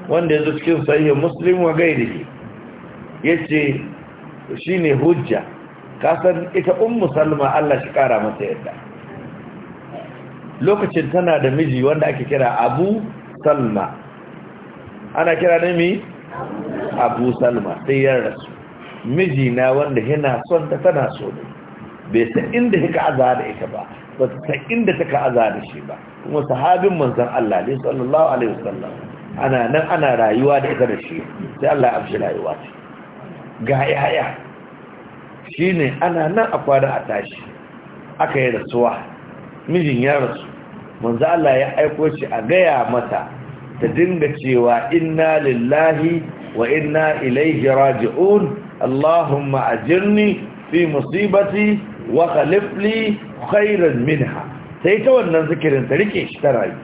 wanda ya zo cikin sahihi muslim wa ya ce shi ne hujja kasan ita un salma Allah shi kara masa yadda lokacin tana da miji wanda ake kira abu salma ana kira ne mi abu salma sai ya rasu miji na wanda yana son ta tana so ne bai san inda take aza da ita ba ba ta san inda take aza da shi ba kuma sahabin manzon Allah ne sallallahu alaihi wasallam ana nan ana rayuwa da ita da shi sai Allah ya afshi rayuwa ce ga yaya shine ana nan a kwana a tashi aka yi rasuwa mijin ya rasu manzo Allah ya aiko shi a gaya mata ta dinga cewa inna lillahi wa inna ilaihi raji'un Allahumma ajirni fi musibati wa khalif li khairan minha sai ta wannan zikirin ta rike shi ta rayu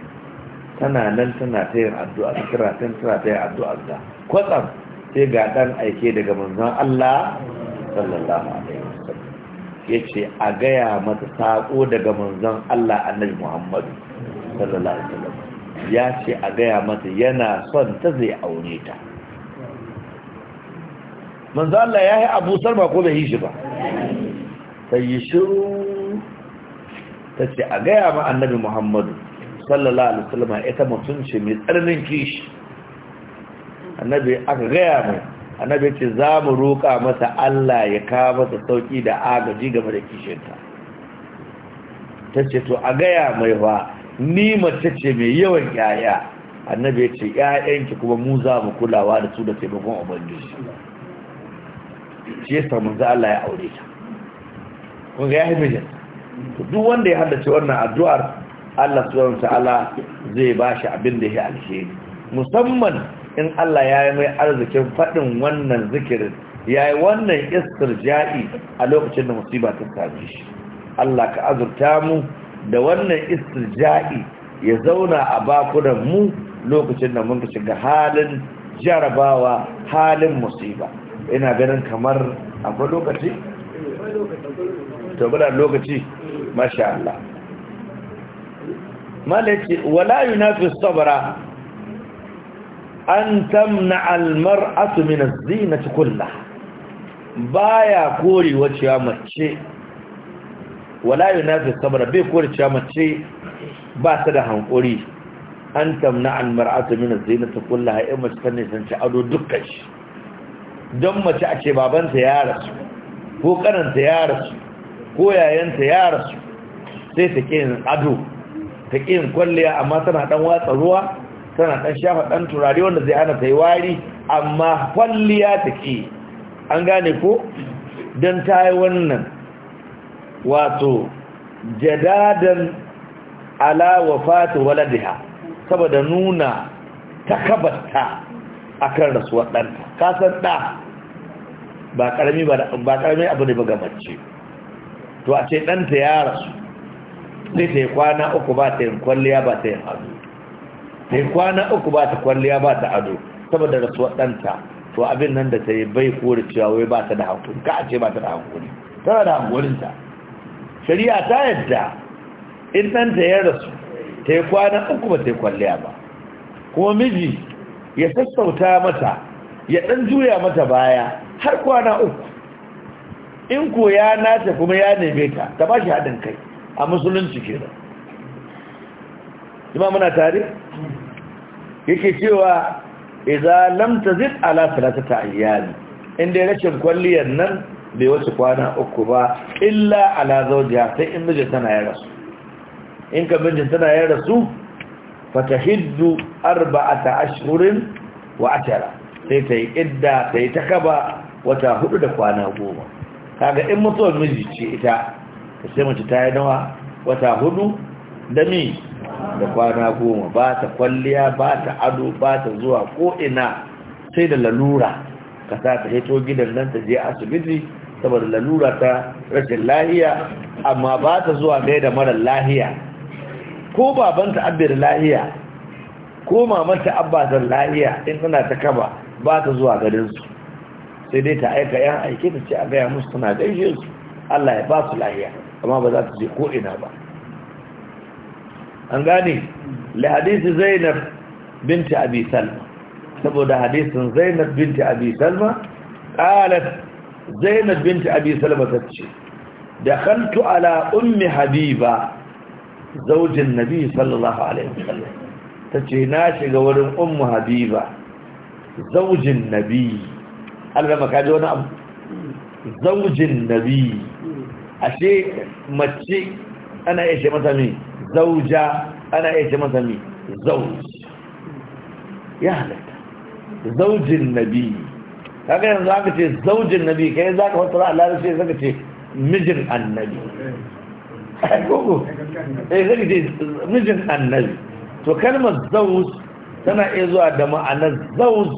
tana nan tana ta yin addu'a kira tana ta yin addu'a kwatsam sai ga dan aike daga manzon Allah sallallahu alaihi yace a gaya mata sako daga manzon Allah annabi Muhammadu sallallahu alaihi wasallam ya ce a gaya mata yana son ta zai aure ta manzon Allah ya yi Abu Salma ko bai yi shi ba sai yi shiru ta ce a gaya ma annabi Muhammadu sallallahu alaihi wasallam ita mutunci mai tsananin kishi annabi aka gaya mai annabi ce za mu roƙa masa Allah ya kawo masa sauƙi da agaji game da kishinta ta ce to a gaya mai ba ni mace ce mai yawan yaya annabi ce yayanki kuma mu za mu kulawa da su da taimakon ubangiji shi yasa za Allah ya aure ta kun ga yayi mijin to duk wanda ya haddace wannan addu'ar Allah subhanahu wa ta'ala zai bashi abin da ya alheri musamman in Allah ya yi mai arzikin faɗin wannan zikirin ya yi wannan ja'i a lokacin da musiba ta sami shi Allah ka azurta mu da wannan ja'i ya zauna a bakunan mu lokacin da muka shiga halin jarabawa halin musiba ina ganin kamar akwai lokaci? to da lokaci masha Allah ce wala fi sabara an tamna almar'atu min az-zinati kullah baya kore wacewa mace wala yunafi sabra bai kore cewa mace ba ta da hankuri an tamna almar'atu min az-zinati kullah ai mace ta ne san ci ado dukkan shi don mace a ce babanta ya rasu ko kananta ya rasu ko yayanta ya rasu sai ta ke yin ado ta ke yin kwalliya amma tana dan watsa ruwa tana dan shafa dan turare wanda zai ana tai wari amma kwalliya take an gane ko dan tayi wannan wato jadadan ala wafati waladiha saboda nuna takabarta akan rasuwar danta kasan da ba karami abu ne ba ga mace to a ce danta ya rasu sai ta yi kwana uku ba ta yin kwalliya ba ta yin sai kwana uku ba ta kwalliya ba ta ado saboda rasuwar ɗanta to abin nan da ta yi bai kori cewa wai ba ta da hankuri ka a ce ba ta da hankuri tana da hankurinta shari'a ta yadda in ta ya rasu ta yi kwana uku ba ta yi kwalliya ba kuma miji ya sassauta mata ya ɗan juya mata baya har kwana uku in ko ya nace kuma ya neme ta ta ba shi haɗin kai a musulunci kenan. Ima muna tare? yake cewa idza lam tazid ala salatata ayyam inda rashin kwalliyar nan bai wuce kwana uku ba illa ala zawjiha sai in miji tana ya rasu in ka miji tana ya rasu fatahiddu arba'ata ashhurin wa atara sai ta idda sai ta kaba wata hudu da kwana goma kaga in mutuwar miji ce ita ta sai mace ta yi nawa wata hudu da miji da kwana goma ba ta kwalliya ba ta ado ba ta zuwa ko ina sai da lalura ka sa ta hito gidan nan ta je asibiti saboda lalura ta rashin lahiya amma ba ta zuwa ɗaya da mara lahiya ko babanta abbe lahiya ko mamanta abbatar lahiya in tana ta kaba ba ta zuwa garinsu sai dai ta aika yan aike ta ce a gaya musu tana gaishe su Allah ya ba su lahiya amma ba za ta je ko ina ba an gane li zainab binti abisal saboda hadisin zainab binti abisal ma qalat zainab binti ma salma da dakhaltu ala ummi habiba zaujin nabi sallallahu alaihi wasallam tace na shiga wurin ummu habiba zaujin nabi Allah maka ji wani abu zaujin nabi ashe mace ana iya ce masa mai zauja ana iya ce masa mai zauj ya halatta zaujin nabi kaga yanzu aka ce zaujin nabi kai za ka fasara a larabci sai ka ce mijin annabi gogo eh sai ce mijin annabi to kalmar zauj tana iya zuwa da ma'anar zauj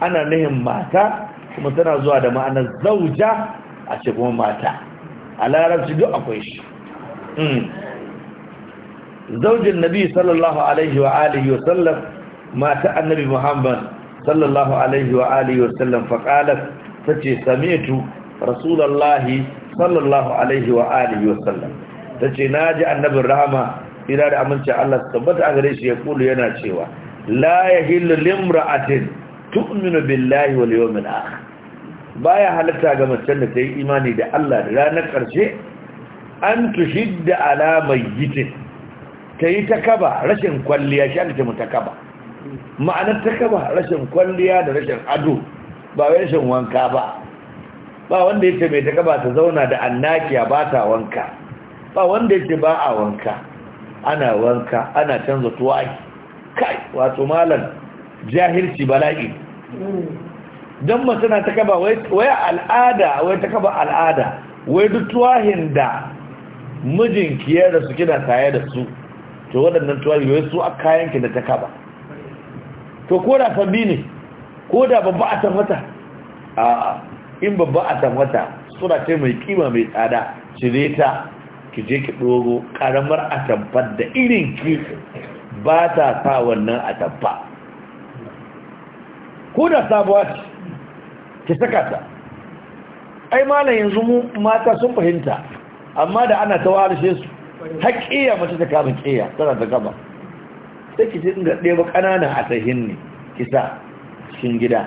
ana nihin mata kuma tana zuwa da ma'anar zauja a cikin mata a larabci duk akwai shi Mm. zaujin nabi sallallahu alaihi wa alihi wa sallam mata annabi muhammad sallallahu alaihi wa alihi wa sallam faqalat tace sami'tu rasulullahi sallallahu alaihi wa alihi wa sallam tace naji annabin rahama ira da amince Allah tabbata a gare shi ya kulu yana cewa la yahillu limra'atin tu'minu billahi wal yawmil akhir baya halatta ga mace da ta yi imani da Allah da ranar ƙarshe an tushidda ala mayyitin ta yi takaba rashin kwalliya shi an ce takaba ma'anar takaba rashin kwalliya da rashin ado ba wai rashin wanka ba ba wanda yake mai takaba ta zauna da annakiya ba ta wanka ba wanda yake ba a wanka ana wanka ana canza tuwai kai wato malam jahilci bala'i don mace na takaba wai al'ada wai takaba al'ada wai duk tuwahin da mijinki ya rasu kina kaya da su to waɗannan tuwalibai su a kayanki da ta kaba to ko da sabbi ne ko da babba a tafata a in babba a tafata suna ce mai kima mai tsada cire ta ki je ki dogo karamar atamfar da irin ki ba ta sa wannan a tabba. ko da sabuwa ce ki saka ta ai malam yanzu mata sun fahimta amma da ana ta warishe su har ƙiya mace ta kama ƙiya tana ta gaba sai ki ce inda ɗaya ba ƙananan a sahin ne kisa cikin gida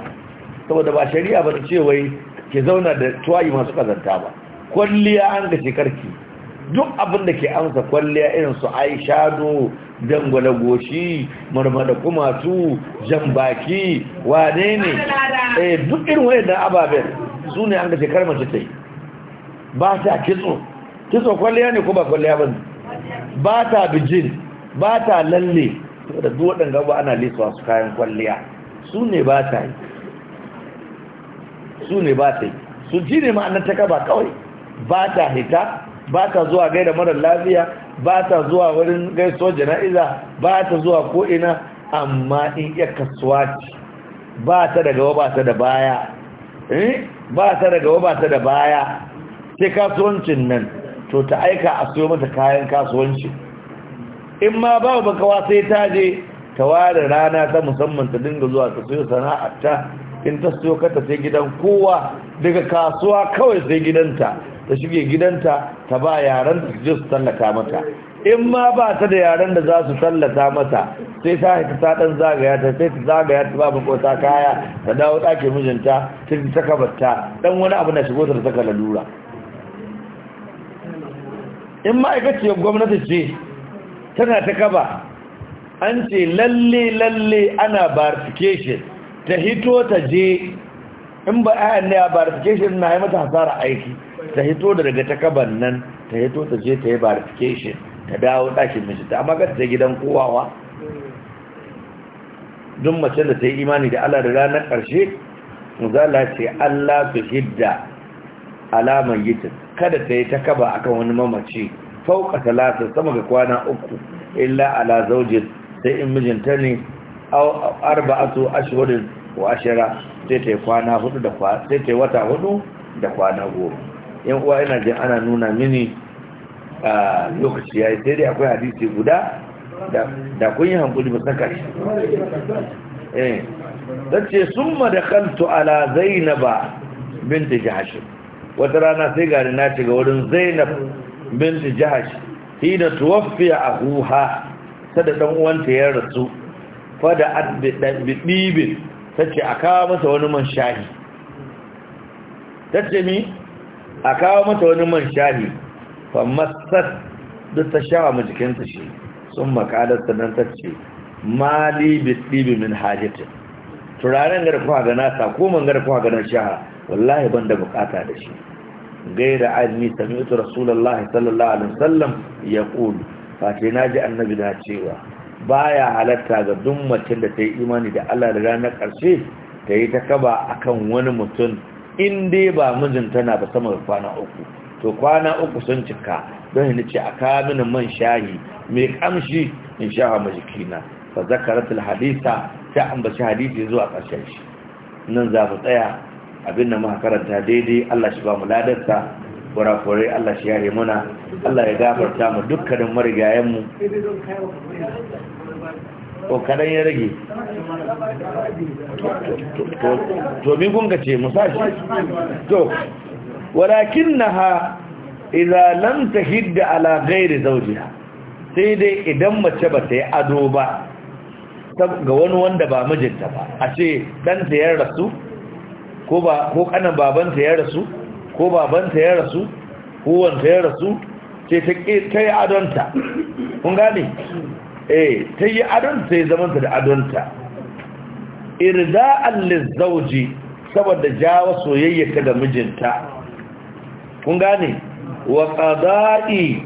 saboda ba shari'a ba ta ce wai ke zauna da tuwayi masu ƙazanta ba kwalliya an ga shekarki duk abin da ke amsa kwalliya irin su ai shado dangwale goshi marmada kumatu jan baki wane ne eh, duk irin da ababen su ne an ga shekar mace ta yi ba ta kitso kitso kwalliya ne ko ba kwalliya ba ba ta bijin ba ta lalle da duwaɗan gaba ana lesuwa su kayan kwalliya su ne ba ta yi su ne ba ta yi su ji ne ma'anar ta kaba kawai ba ta hita ba ta zuwa gaida marar lafiya ba ta zuwa wurin na jana'iza ba ta zuwa ko'ina amma in iya kasuwa ce ba ta daga ba ta da baya eh? ba ta daga ba ta da baya sai kasuwancin nan to ta aika a siyo mata kayan kasuwanci in ma ba bakawa sai ta je ta ware rana ta musamman ta dinga zuwa ta siyo sana'arta in ta siyo kata sai gidan kowa daga kasuwa kawai sai gidanta ta shige gidanta ta ba yaran ta je su tallata mata in ma ba ta da yaran da za su tallata mata sai ta haita ta dan zagaya ta sai ta zagaya ta ba makota kaya ta dawo ɗakin mijinta ta ta kabarta dan wani abu na shigo ta da kala lalura in ma'aikaciyar gwamnati ce tana ta kaba an ce lalle lalle ana barification ta hito ta je in ba a da ya barification na yi mata hasara aiki ta hito da daga ta kaban nan ta hito ta je ta yi barification ta dawo ɗakin ta, amma ka ta gidan kowawa Don mace da ta yi imani da Allah da ranar ƙarshe la ce Allah su hidda alaman yitin kada ta yi ta kaba akan wani mamaci fauka talata sama ga kwana uku illa ala zaujin sai in mijinta ne arba'atu ashhurin wa ashara sai ta yi kwana hudu da kwana sai ta yi wata hudu da kwana goma yan uwa ina jin ana nuna mini a lokaci yayi sai dai akwai hadisi guda da kun yi hankuli ba saka shi eh zace summa dakhaltu ala zainaba binti jahsh wata rana sai gani na shiga wurin zainab binti jahash hina tuwaffiya huha sada dan uwanta ya rasu fada ta ce a kawo mata wani man shahi ce mi a kawo mata wani man shahi fa masar duk ta shawa wa jikinta shi sun makalar ta ce mali bidibin min hajjata turaren garkuwa ga nasa ko man garkuwa ga nan shahara wallahi ban da bukata da shi gaira azmi sami'tu rasulullahi sallallahu alaihi wasallam yaqul fati naji annabi da cewa baya halatta ga duk da ta yi imani da Allah da ranar karshe ta yi ta kaba akan wani mutum in dai ba mijin tana ba sama kwana uku to kwana uku sun cika don yana ce a kaminin man shayi mai kamshi in sha wa majikina fa zakaratul hadisa ta ambaci hadisi zuwa ƙarshen shi nan za mu tsaya abin da muka karanta daidai Allah shi ba mu ladarsa kurakurai Allah shi yare muna Allah ya gafarta mu dukkanin mu. Ko kadan ya rage to min kun gace musashi to walakinaha idza lam tahid ala ghairi zawjiha sai dai idan mace ba ta yi ado ba ga wani wanda ba mijinta ba a ce ta ya rasu ko ba kanan babanta ya rasu ko babanta ya rasu ko wanta ya rasu ce ta yi adonta kun gane eh ta yi adonta ya zamanta da adonta irza'an lizauji saboda jawo soyayya ga mijinta kun gane wa qada'i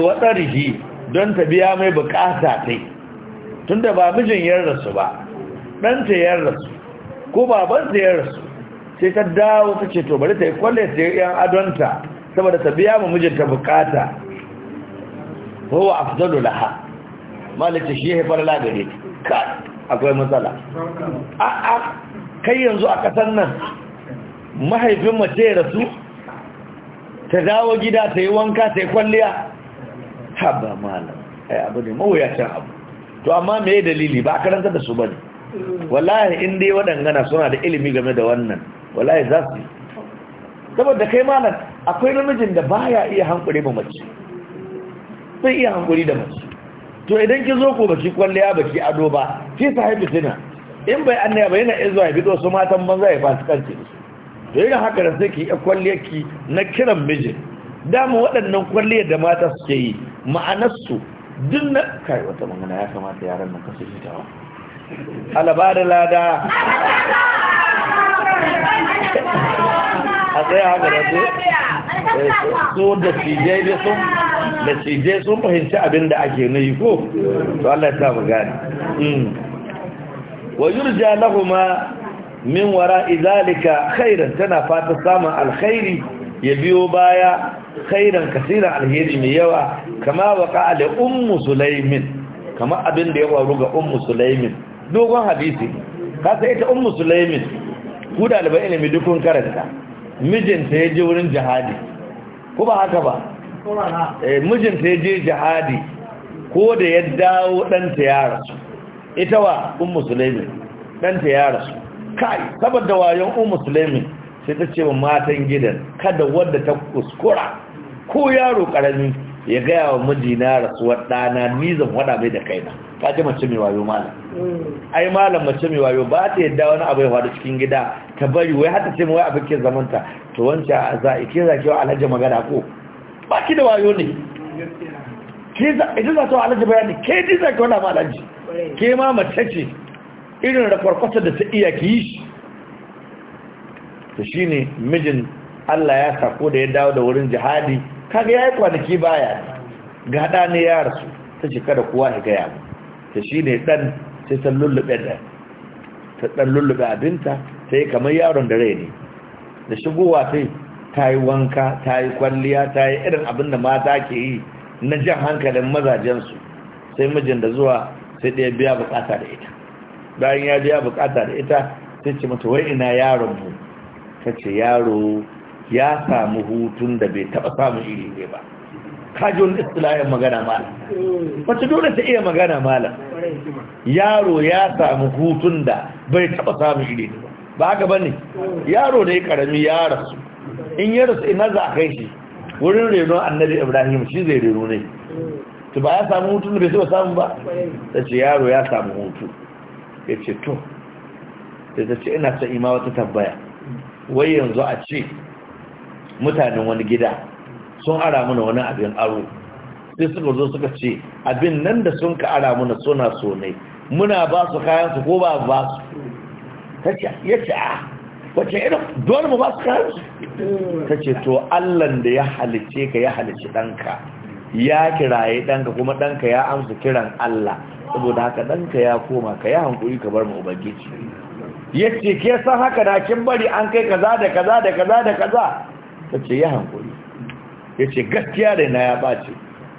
watarihi don ta biya mai bukata tai tunda ba mijin ya rasu ba dan ta ya rasu ko baban sa ya rasu sai ta dawo ta ce to bari ta yi kwalle ta yi yan adonta saboda ta biya ma mijinta bukata wa afdalu laha malaka shi ya fara lagare ka akwai matsala a a kai yanzu a kasan nan mahaifin mace ya rasu ta dawo gida ta yi wanka ta yi kwalliya haba malam ai abu ne mawuyacin abu to amma me dalili ba a karanta da su bane wallahi in dai waɗangana suna da ilimi game da wannan wallahi za su saboda kai malam akwai namijin da baya iya hankuri ba mace sai iya hankuri da mace to idan ki zo ko baki kwalliya baki ado ba ki ta haifi tuna in bai annaya ba yana izuwa ya fito su matan banza ya fasu kanci to yana haka da sai ki iya kwalliyarki na kiran mijin dama waɗannan kwalliyar da mata suke yi ma'anarsu duk na kai wata magana ya kamata yaran nan kasu fitawa alaba da lada a tsaye haka da su eh, su da cijai da sun da cijai sun fahimci abin da ake na yi ko to Allah ta mu gani hmm. wa yurja lahuma min wara izalika khairan tana fata samun alkhairi ya biyo baya khairan kasirin alheri mai yawa kama waka da ummu sulaimin kama abin da ya waru ga ummu sulaimin dogon hadisi ka sai ita ummu sulaimin ku daliban ilimi dukun karanta mijinta ya je wurin jihadi ko ba haka ba eh, mijinta ya je jihadi ko da ya dawo ɗanta ya rasu ita wa ummu sulaimin ɗanta ya rasu kai saboda wayon ummu sulaimin sai ta ce wa matan gidan kada wadda ta kuskura ko yaro ƙarami ya gaya wa mijina rasuwar ɗana ni zan faɗa mai da kaina ta ji mace mai wayo malam mm. ai malam mace mai wayo ba ta yadda wani abu ya faru cikin gida ta bari wai hata ce wai abin ke zamanta to wance a za a ke zaki wa alhaji magana ko ba ki da wayo ne ke za ta wa alhaji bayani ke ji za ki wani ma alhaji ke ma mace ce irin da kwarkwata da ta iya ki yi shi to shine mijin Allah ya sako da ya dawo da wurin jihadi kaga ya yi kwanaki baya ga ne ya rasu ta ce kada kowa ya gaya ba. ta shi ne ɗan sai ta lullube da ta ɗan lullube abinta ta yi kamar yaron da rai ne da shigowa ta ta yi wanka ta yi kwalliya ta yi irin abin da mata ke yi na jan hankalin mazajensu sai mijin da zuwa sai ɗaya biya bukata da ita bayan ya biya bukata da ita sai ce mata wai ina yaron mu ta ce yaro ya samu hutun da bai taba samu iri ne ba wani istilayen magana malam wacce dole ta iya magana malam yaro ya samu hutun da bai taba samu iri ne ba haka ba ne yaro da ya karami ya rasu in ya rasu ina za a kai shi wurin reno annabi ibrahim shi zai reno ne to ba ya samu hutun da bai taba samu ba ta ce yaro ya samu hutu ya ce to ta ce ina ta ima wata tabbaya. wai yanzu a ce mutanen wani gida sun ara mana wani abin aro sai suka zo suka ce abin nan da sun ka ara mana suna so ne muna ba su kayan su ko ba ba su ya ce a ah, wace irin dole mu ba su kayan su ta ce to allan da ya halice ka ya halice ɗanka ya kiraye ɗanka kuma ɗanka ya amsa kiran allah saboda haka ɗanka ya koma ka ya hankuri ka bar mu ubangiji ya ce ke san haka da kin bari an kai kaza da kaza da kaza da kaza ta ce ya hankuri ya ce gaskiya da na ya ɓace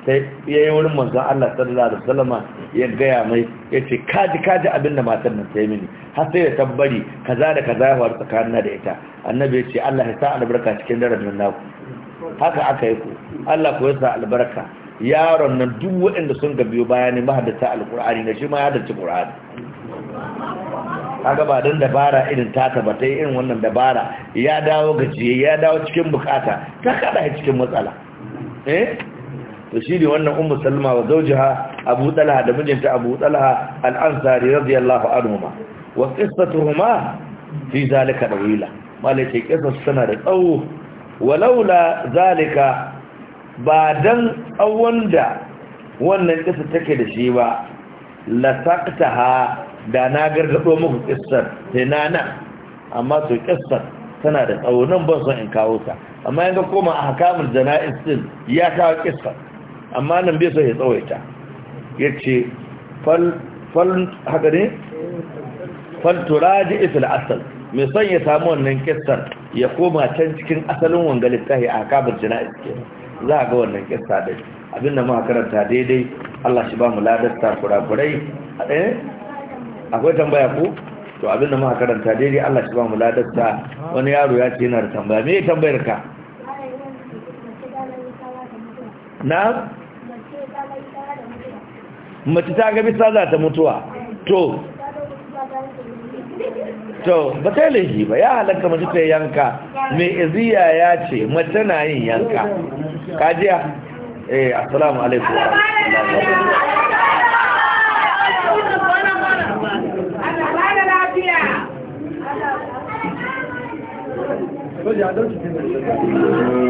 sai ya yi wurin manzan Allah sallallahu alaihi wasallama ya gaya mai yace ce kaji kaji abin da matar nan sai mini har sai da tabbari kaza da kaza ya faru tsakanin da ita annabi ya ce Allah ya sa albarka cikin daren nan naku haka aka yi ku Allah ku ya sa albarka yaron nan duk waɗanda sun ga biyo bayani mahaddata alkur'ani na shi ma ya dace qur'ani kaga ba dan dabara irin tata ba ta yi irin wannan dabara ya dawo gajiye ya dawo cikin bukata ta kada cikin matsala eh to shi ne wannan ummu salma wa zawjaha abu talha da mijinta abu talha al-ansari radiyallahu anhuma wa qissatuhuma fi zalika dawila malaka kisa suna da tsawo walaula zalika ba dan tsawon da wannan kisa take da shi ba lasaqtaha da na gargado muku kissar na amma su kissar tana da tsawo nan ban son in kawo ta amma yanga koma a hakamun jana'iz din ya kawo kissar amma nan bai so ya tsawaita Ya fal fal haka ne fal turaji asal mai son ya samu wannan kissar ya koma can cikin asalin wanga littafi a hakamun jana'iz kenan za a ga wannan kissa da abinda muka karanta daidai Allah shi ba mu ladar ta kurakurai a eh? ɗaya akwai tambaya ko to abinda muka karanta daidai Allah shi ba mu ladarta wani yaro ya ce yana da tambaya me ya tambayar ka na mace ta ga bisa za ta mutuwa to to ba ta laifi ba ya halarta mace ta yanka Me iziya ya ce mace na yin yanka kajiya eh assalamu alaikum lóde adọ́jù